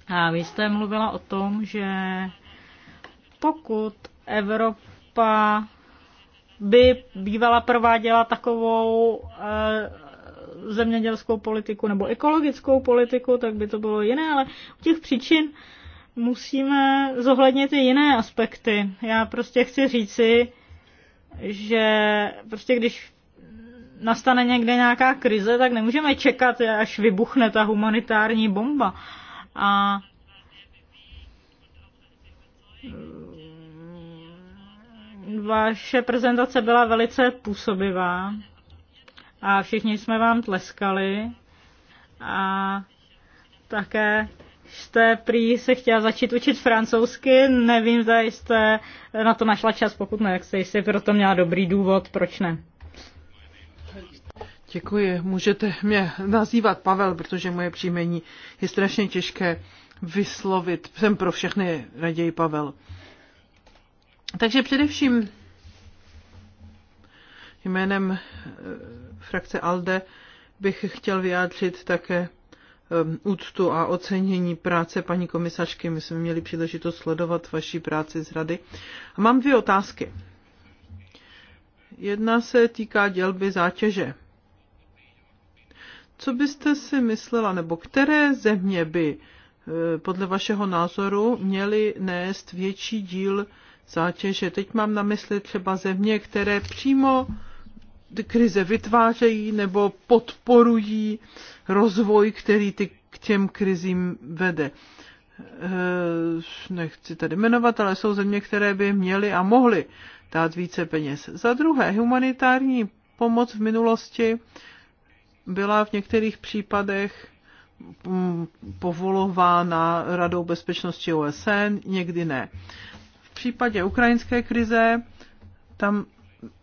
A vy jste mluvila o tom, že pokud Evropa by bývala prováděla takovou eh, zemědělskou politiku nebo ekologickou politiku, tak by to bylo jiné, ale u těch příčin musíme zohlednit i jiné aspekty. Já prostě chci říci, že prostě když nastane někde nějaká krize, tak nemůžeme čekat, až vybuchne ta humanitární bomba. A vaše prezentace byla velice působivá a všichni jsme vám tleskali a také jste prý se chtěla začít učit francouzsky, nevím, zda jste na to našla čas, pokud ne, jak jste jsi proto měla dobrý důvod, proč ne. Děkuji, můžete mě nazývat Pavel, protože moje příjmení je strašně těžké vyslovit. Jsem pro všechny raději Pavel. Takže především jménem eh, frakce ALDE bych chtěl vyjádřit také Um, úctu a ocenění práce paní komisařky. My jsme měli příležitost sledovat vaší práci z rady. A mám dvě otázky. Jedna se týká dělby zátěže. Co byste si myslela, nebo které země by eh, podle vašeho názoru měly nést větší díl zátěže? Teď mám na mysli třeba země, které přímo krize vytvářejí nebo podporují rozvoj, který ty, k těm krizím vede. Eh, nechci tady jmenovat, ale jsou země, které by měly a mohly dát více peněz. Za druhé, humanitární pomoc v minulosti byla v některých případech mm, povolována Radou bezpečnosti OSN, někdy ne. V případě ukrajinské krize tam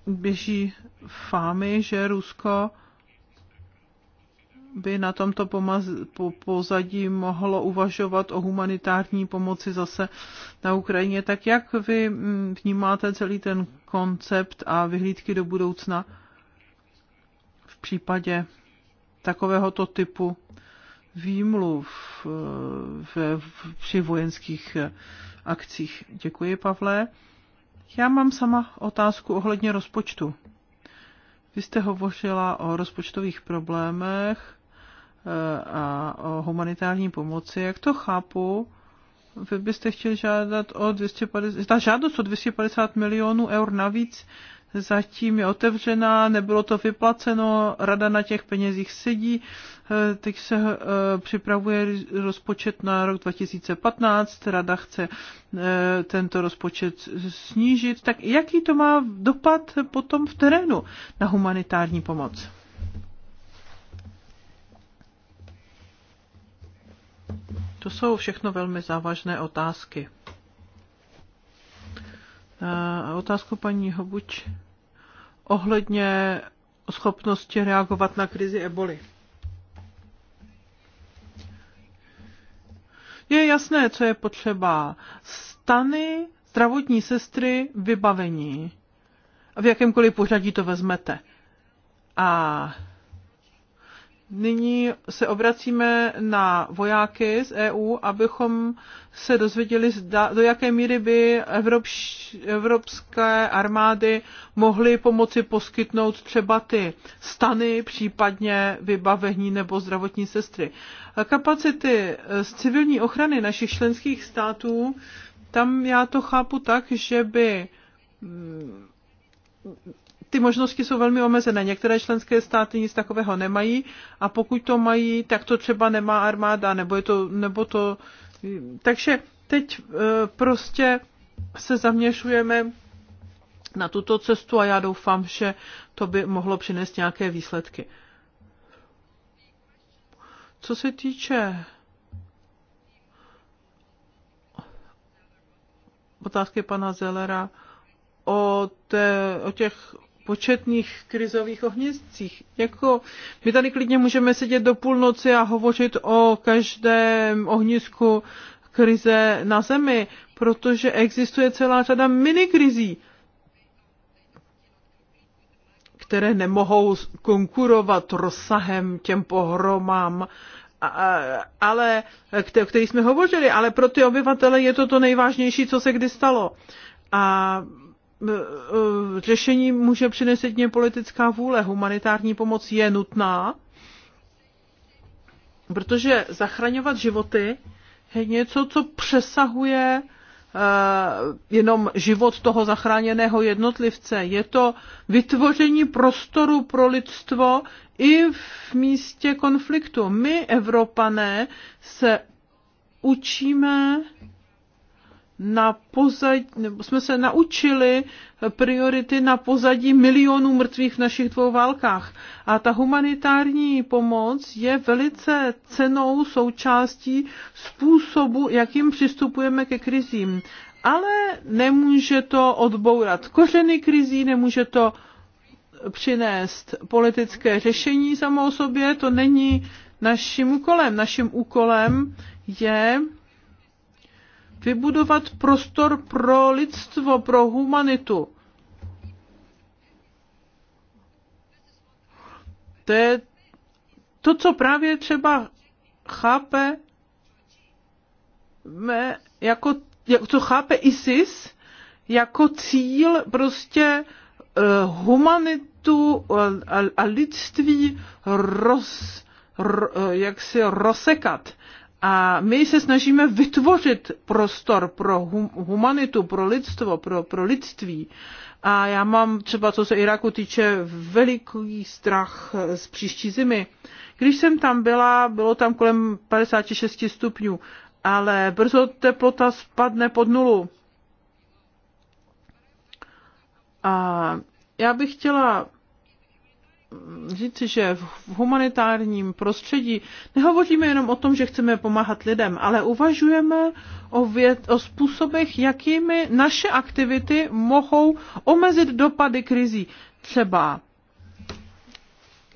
běží fámy, že Rusko by na tomto pozadí mohlo uvažovat o humanitární pomoci zase na Ukrajině. Tak jak vy mm, vnímáte celý ten koncept a vyhlídky do budoucna v případě takovéhoto typu výmluv eh, v, v, při vojenských eh, akcích? Děkuji, Pavle. Já mám sama otázku ohledně rozpočtu. Vy jste hovořila o rozpočtových problémech eh, a o humanitární pomoci. Jak to chápu, vy byste chtěli žádat o 250, ta žádost o 250 milionů eur navíc zatím je otevřená, nebylo to vyplaceno, rada na těch penězích sedí, eh, teď se eh, připravuje rozpočet na rok 2015, rada chce eh, tento rozpočet snížit, tak jaký to má dopad potom v terénu na humanitární pomoc? To jsou všechno velmi závažné otázky. otázku paní Hobuč ohledně schopnosti reagovat na krizi eboli. Je jasné, co je potřeba. Stany, zdravotní sestry, vybavení. V jakémkoliv pořadí to vezmete. A nyní se obracíme na vojáky z EU, abychom se dozvěděli, zda, do jaké míry by evropš, evropské armády mohly pomoci poskytnout třeba ty stany, případně vybavení nebo zdravotní sestry. Kapacity eh, z civilní ochrany našich členských států, tam já to chápu tak, že by mm, ty možnosti jsou velmi omezené. Některé členské státy nic takového nemají a pokud to mají, tak to třeba nemá armáda, nebo je to, nebo to... Takže teď e, prostě se zaměšujeme na tuto cestu a já doufám, že to by mohlo přinést nějaké výsledky. Co se týče otázky pana Zelera o, té, o těch početných krizových ohniscích. Jako my tady klidně můžeme sedět do půlnoci a hovořit o každém ohnisku krize na zemi, protože existuje celá řada minikrizí, které nemohou konkurovat rozsahem těm pohromám, ale, o kterých jsme hovořili, ale pro ty obyvatele je to to nejvážnější, co se kdy stalo. A E, e, řešení může přinést jedině politická vůle. Humanitární pomoc je nutná, protože zachraňovat životy je něco, co přesahuje e, jenom život toho zachráněného jednotlivce. Je to vytvoření prostoru pro lidstvo i v místě konfliktu. My, Evropané, se učíme na pozadí, jsme se naučili priority na pozadí milionů mrtvých v našich dvou válkách. A ta humanitární pomoc je velice cenou součástí způsobu, jakým přistupujeme ke krizím. Ale nemůže to odbourat kořeny krizí, nemůže to přinést politické řešení samo o sobě, to není naším úkolem. Naším úkolem je vybudovat prostor pro lidstvo, pro humanitu. To je to, co právě třeba chápe jako, co chápe ISIS jako cíl prostě eh, humanitu a lidství roz, eh, jak si rozsekat. A my se snažíme vytvořit prostor pro hum, humanitu, pro lidstvo, pro, pro lidství. A já mám třeba, co se Iraku týče, veliký strach z příští zimy. Když jsem tam byla, bylo tam kolem 56 stupňů, ale brzo teplota spadne pod nulu. A já bych chtěla říci, že v humanitárním prostředí nehovoříme jenom o tom, že chceme pomáhat lidem, ale uvažujeme o, věd, o způsobech, jakými naše aktivity mohou omezit dopady krizí. Třeba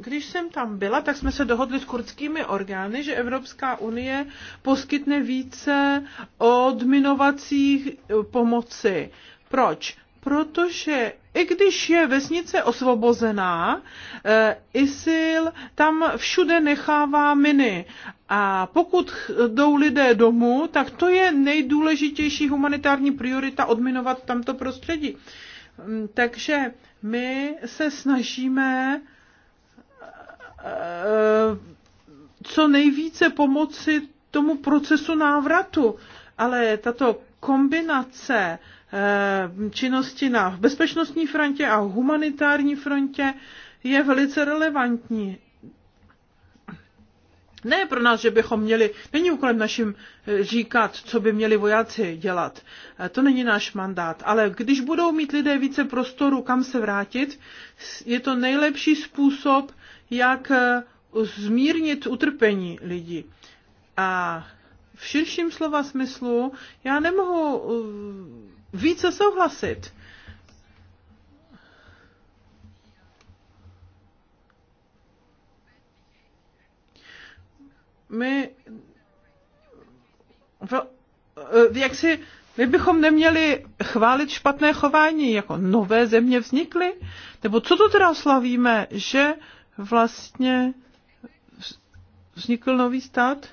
když jsem tam byla, tak jsme se dohodli s kurdskými orgány, že Evropská unie poskytne více odminovacích eh, pomoci. Proč? Protože i když je vesnice osvobozená, eh, ISIL tam všude nechává miny. A pokud jdou lidé domů, tak to je nejdůležitější humanitární priorita odminovat tamto prostředí. Mm, takže my se snažíme eh, co nejvíce pomoci tomu procesu návratu. Ale tato kombinace Eh, činnosti na bezpečnostní frontě a humanitární frontě je velice relevantní. Ne pro nás, že bychom měli, není úkolem našim eh, říkat, co by měli vojáci dělat. Eh, to není náš mandát. Ale když budou mít lidé více prostoru, kam se vrátit, je to nejlepší způsob, jak zmírnit utrpení lidí. A v širším slova smyslu já nemohu více souhlasit. My eh, jak si my bychom neměli chválit špatné chování, jako nové země vznikly? Nebo co to teda slavíme, že vlastně vznikl nový stát?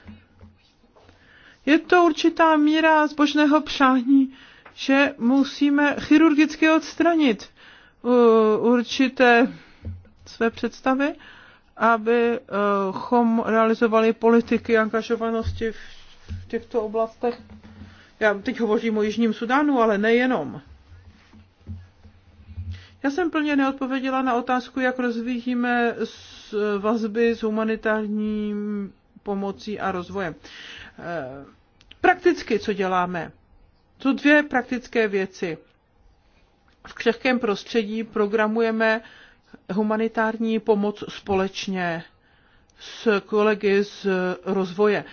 Je to určitá míra zbožného přání že musíme chirurgicky odstranit uh, určité své představy, abychom realizovali politiky angažovanosti v těchto oblastech. Já teď hovořím o Jižním Sudánu, ale nejenom. Já jsem plně neodpověděla na otázku, jak rozvíjíme vazby s humanitární pomocí a rozvojem. Eh, prakticky, co děláme? Tu dvě praktické věci. V křehkém prostředí programujeme humanitární pomoc společně s kolegy z rozvoje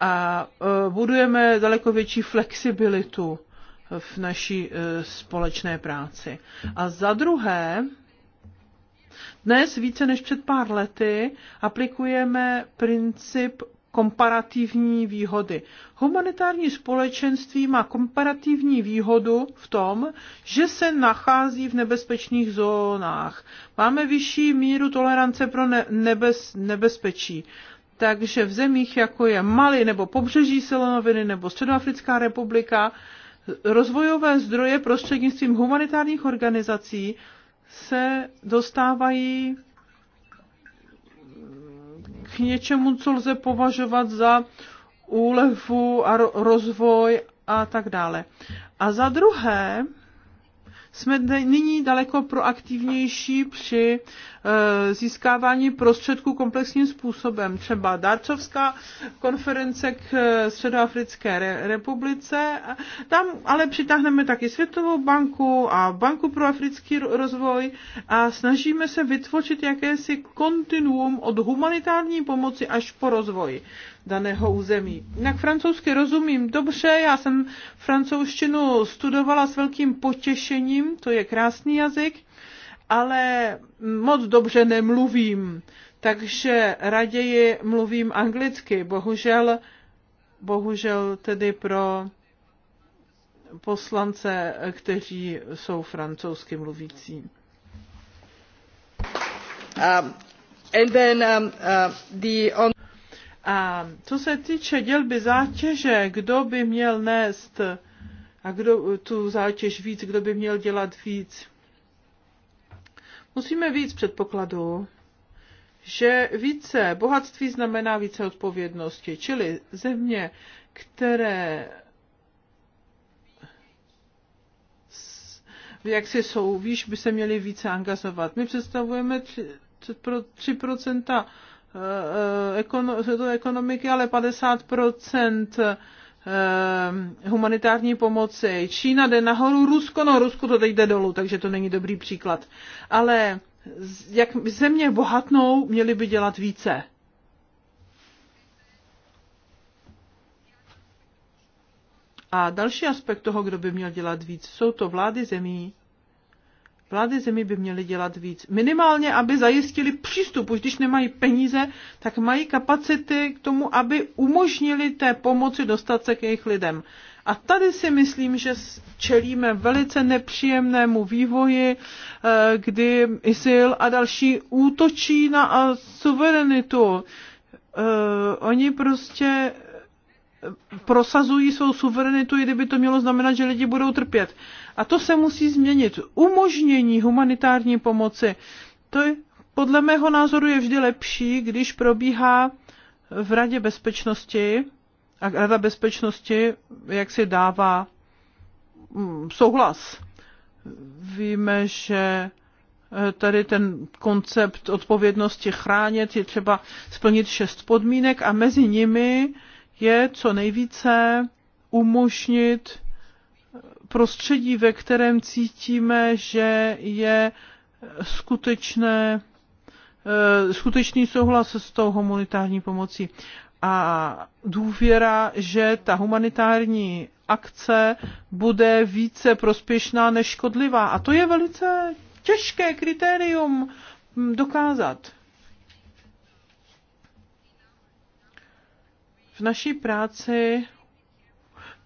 a e, budujeme daleko větší flexibilitu v naší e, společné práci. A za druhé, dnes více než před pár lety aplikujeme princip komparativní výhody. Humanitární společenství má komparativní výhodu v tom, že se nachází v nebezpečných zónách. Máme vyšší míru tolerance pro nebez, nebezpečí. Takže v zemích, jako je Mali nebo pobřeží Silonoviny nebo Středoafrická republika, rozvojové zdroje prostřednictvím humanitárních organizací se dostávají něčemu, co lze považovat za úlevu a rozvoj a tak dále. A za druhé, jsme nyní daleko proaktivnější při eh, získávání prostředků komplexním způsobem. Třeba dárcovská konference k eh, Středoafrické republice. Tam ale přitáhneme taky Světovou banku a Banku pro africký rozvoj a snažíme se vytvořit jakési kontinuum od humanitární pomoci až po rozvoji daného území. Jinak francouzsky rozumím dobře, já jsem francouzštinu studovala s velkým potěšením, to je krásný jazyk, ale moc dobře nemluvím, takže raději mluvím anglicky. Bohužel, bohužel tedy pro poslance, kteří jsou francouzsky mluvící. Um, and then um, uh, the on a co se týče dělby zátěže, kdo by měl nést a kdo tu zátěž víc, kdo by měl dělat víc. Musíme víc předpokladu, že více bohatství znamená více odpovědnosti, čili země, které jak si jsou výš, by se měly více angažovat. My představujeme 3%, 3 Eh, světové ekonomiky, ale 50 eh, humanitární pomoci. Čína jde nahoru, Rusko, no Rusko to teď jde dolů, takže to není dobrý příklad. Ale jak země bohatnou, měly by dělat více. A další aspekt toho, kdo by měl dělat víc, jsou to vlády zemí, Vlády zemí by měly dělat víc. Minimálně, aby zajistili přístup. Už když nemají peníze, tak mají kapacity k tomu, aby umožnili té pomoci dostat se k jejich lidem. A tady si myslím, že čelíme velice nepříjemnému vývoji, eh, kdy ISIL a další útočí na eh, suverenitu. Eh, oni prostě prosazují svou suverenitu, i kdyby to mělo znamenat, že lidi budou trpět. A to se musí změnit. Umožnění humanitární pomoci, to je, podle mého názoru je vždy lepší, když probíhá v Radě bezpečnosti a Rada bezpečnosti jak si dává mm, souhlas. Víme, že e, tady ten koncept odpovědnosti chránit je třeba splnit šest podmínek a mezi nimi je co nejvíce umožnit prostředí, ve kterém cítíme, že je skutečné, eh, skutečný souhlas s tou humanitární pomocí a důvěra, že ta humanitární akce bude více prospěšná než škodlivá. A to je velice těžké kritérium mm, dokázat. v naší práci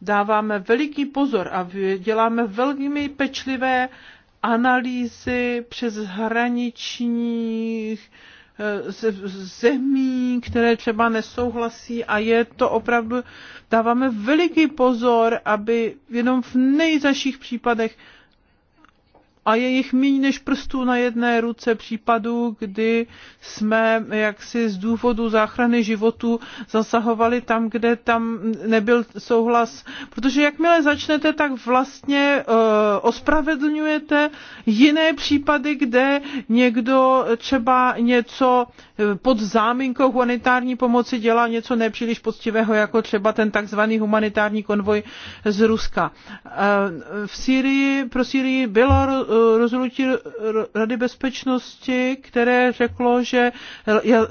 dáváme veliký pozor a děláme velmi pečlivé analýzy přes hraničních eh, zemí, které třeba nesouhlasí a je to opravdu, dáváme veliký pozor, aby jenom v nejzaších případech a je jich míň než prstů na jedné ruce případů, kdy jsme jaksi z důvodu záchrany životu zasahovali tam, kde tam nebyl souhlas. Protože jakmile začnete, tak vlastně uh, ospravedlňujete jiné případy, kde někdo třeba něco eh, pod záminkou humanitární pomoci dělá něco nepříliš poctivého, jako třeba ten takzvaný humanitární konvoj z Ruska. Uh, v Syrii, pro Syrii bylo Eh, rozhodnutí Rady bezpečnosti, které řeklo, že eh, eh,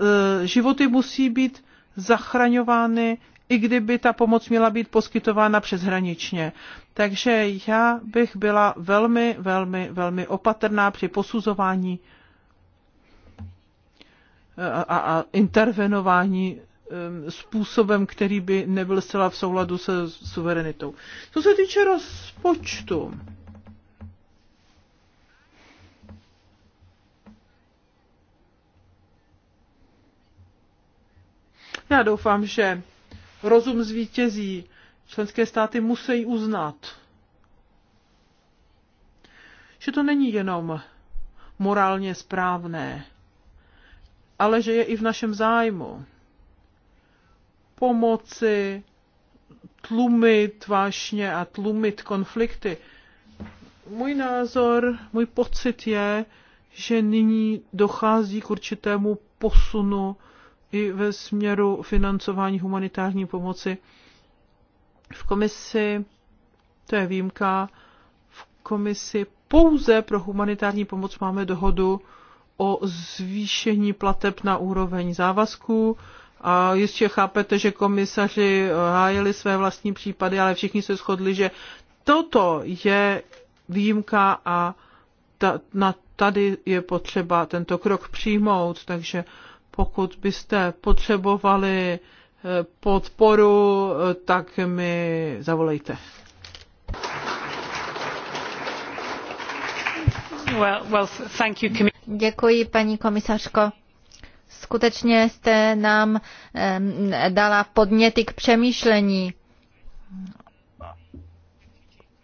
životy musí být zachraňovány, i kdyby ta pomoc měla být poskytována přeshraničně. Takže já bych byla velmi, velmi, velmi opatrná při posuzování a, a intervenování způsobem, který by nebyl zcela v souladu se suverenitou. Co se týče rozpočtu, Já doufám, že rozum zvítězí. Členské státy musí uznat, že to není jenom morálně správné, ale že je i v našem zájmu pomoci tlumit vášně a tlumit konflikty. Můj názor, můj pocit je, že nyní dochází k určitému posunu i ve směru financování humanitární pomoci. V komisi, to je výjimka, v komisi pouze pro humanitární pomoc máme dohodu o zvýšení plateb na úroveň závazků. A jistě chápete, že komisaři hájili své vlastní případy, ale všichni se shodli, že toto je výjimka a ta, na, tady je potřeba tento krok přijmout. Takže uh, pokud byste potřebovali eh, podporu, eh, tak mi zavolejte. Děkuji, paní komisařko. Skutečně jste nám dala podněty k přemýšlení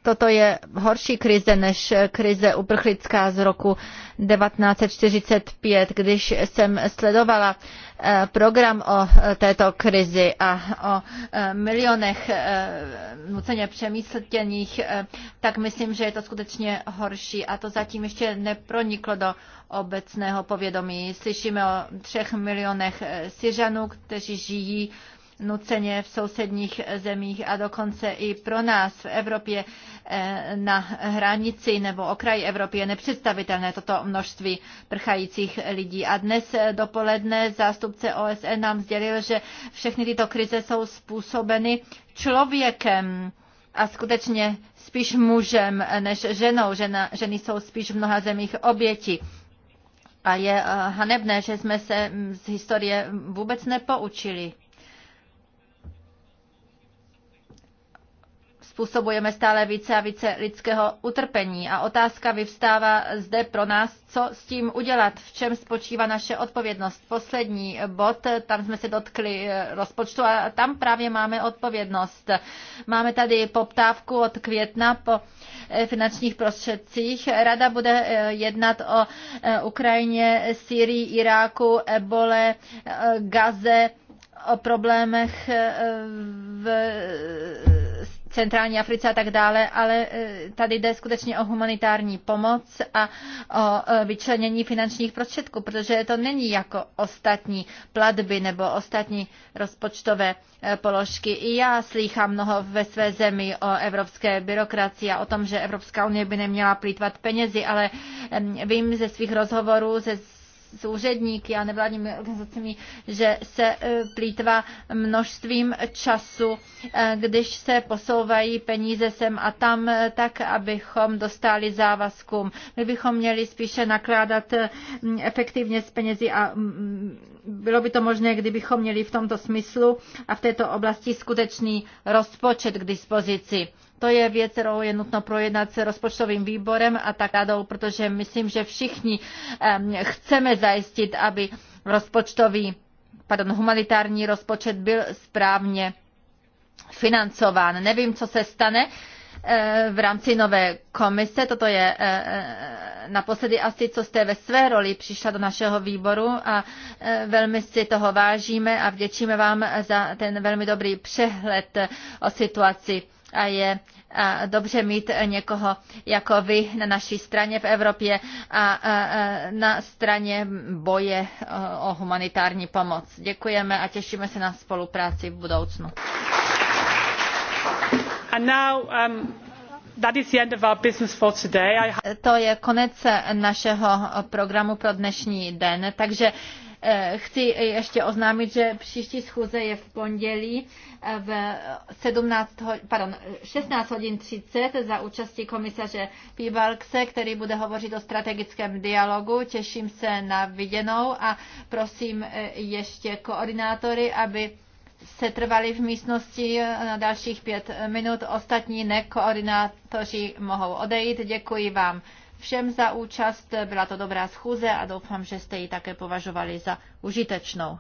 Toto je horší krize než krize uprchlická z roku 1945, když jsem sledovala eh, program o eh, této krizi a o eh, milionech nuceně přemístěných, tak myslím, že je to skutečně horší a to zatím ještě neproniklo do obecného povědomí. Slyšíme o třech milionech Syřanů, kteří žijí nuceně v sousedních zemích a dokonce i pro nás v Evropě eh, na hranici nebo okraji Evropy je nepředstavitelné toto množství prchajících lidí. A dnes eh, dopoledne zástupce OSN nám sdělil, že všechny tyto krize jsou způsobeny člověkem a skutečně spíš mužem než ženou. Žena, ženy jsou spíš v mnoha zemích oběti. A je eh, hanebné, že jsme se hm, z historie vůbec nepoučili. způsobujeme stále více a více lidského utrpení. A otázka vyvstává zde pro nás, co s tím udělat, v čem spočívá naše odpovědnost. Poslední bod, tam jsme se dotkli eh, rozpočtu a tam právě máme odpovědnost. Máme tady poptávku od května po eh, finančních prostředcích. Rada bude eh, jednat o Ukrajině, Syrii, Iráku, Ebole, Gaze, o problémech v centrální Africe a tak dále, ale e, tady jde skutečně o humanitární pomoc a o e, vyčlenění finančních prostředků, protože to není jako ostatní platby nebo ostatní rozpočtové e, položky. I já slýchám mnoho ve své zemi o evropské byrokracii a o tom, že Evropská unie by neměla plýtvat penězi, ale vím ze svých rozhovorů ze s úředníky a nevládními organizacemi, že se e, plítvá množstvím času, e, když se posouvají peníze sem a tam e, tak, abychom dostali závazkům. My bychom měli spíše nakládat efektivně s penězi a bylo by to možné, kdybychom měli v tomto smyslu a v této oblasti skutečný rozpočet k dispozici. To je věc, kterou je nutno projednat s rozpočtovým výborem a tak radou, protože myslím, že všichni chceme zajistit, aby rozpočtový, pardon, humanitární rozpočet byl správně financován. Nevím, co se stane eh, v rámci nové komise. Toto je eh, eh, naposledy asi, co jste ve své roli přišla do našeho výboru a velmi si toho vážíme a vděčíme vám za ten velmi dobrý přehled o situaci a je dobře mít někoho jako vy na naší straně v Evropě a na straně boje o humanitární pomoc. Děkujeme a těšíme se na spolupráci v budoucnu. And now, um... To je konec našeho programu pro dnešní den, takže Eh, chci ještě oznámit, že příští schůze je v pondělí eh, v 17, pardon, 16 hodin 30 za účastí komisaře Pibalkse, který bude hovořit o strategickém dialogu. Těším se na viděnou a prosím eh, ještě koordinátory, aby se trvali v místnosti na dalších pět minut. Ostatní nekoordinátoři mohou odejít. Děkuji vám všem za účast. Byla to dobrá schůze a doufám, že jste ji také považovali za užitečnou.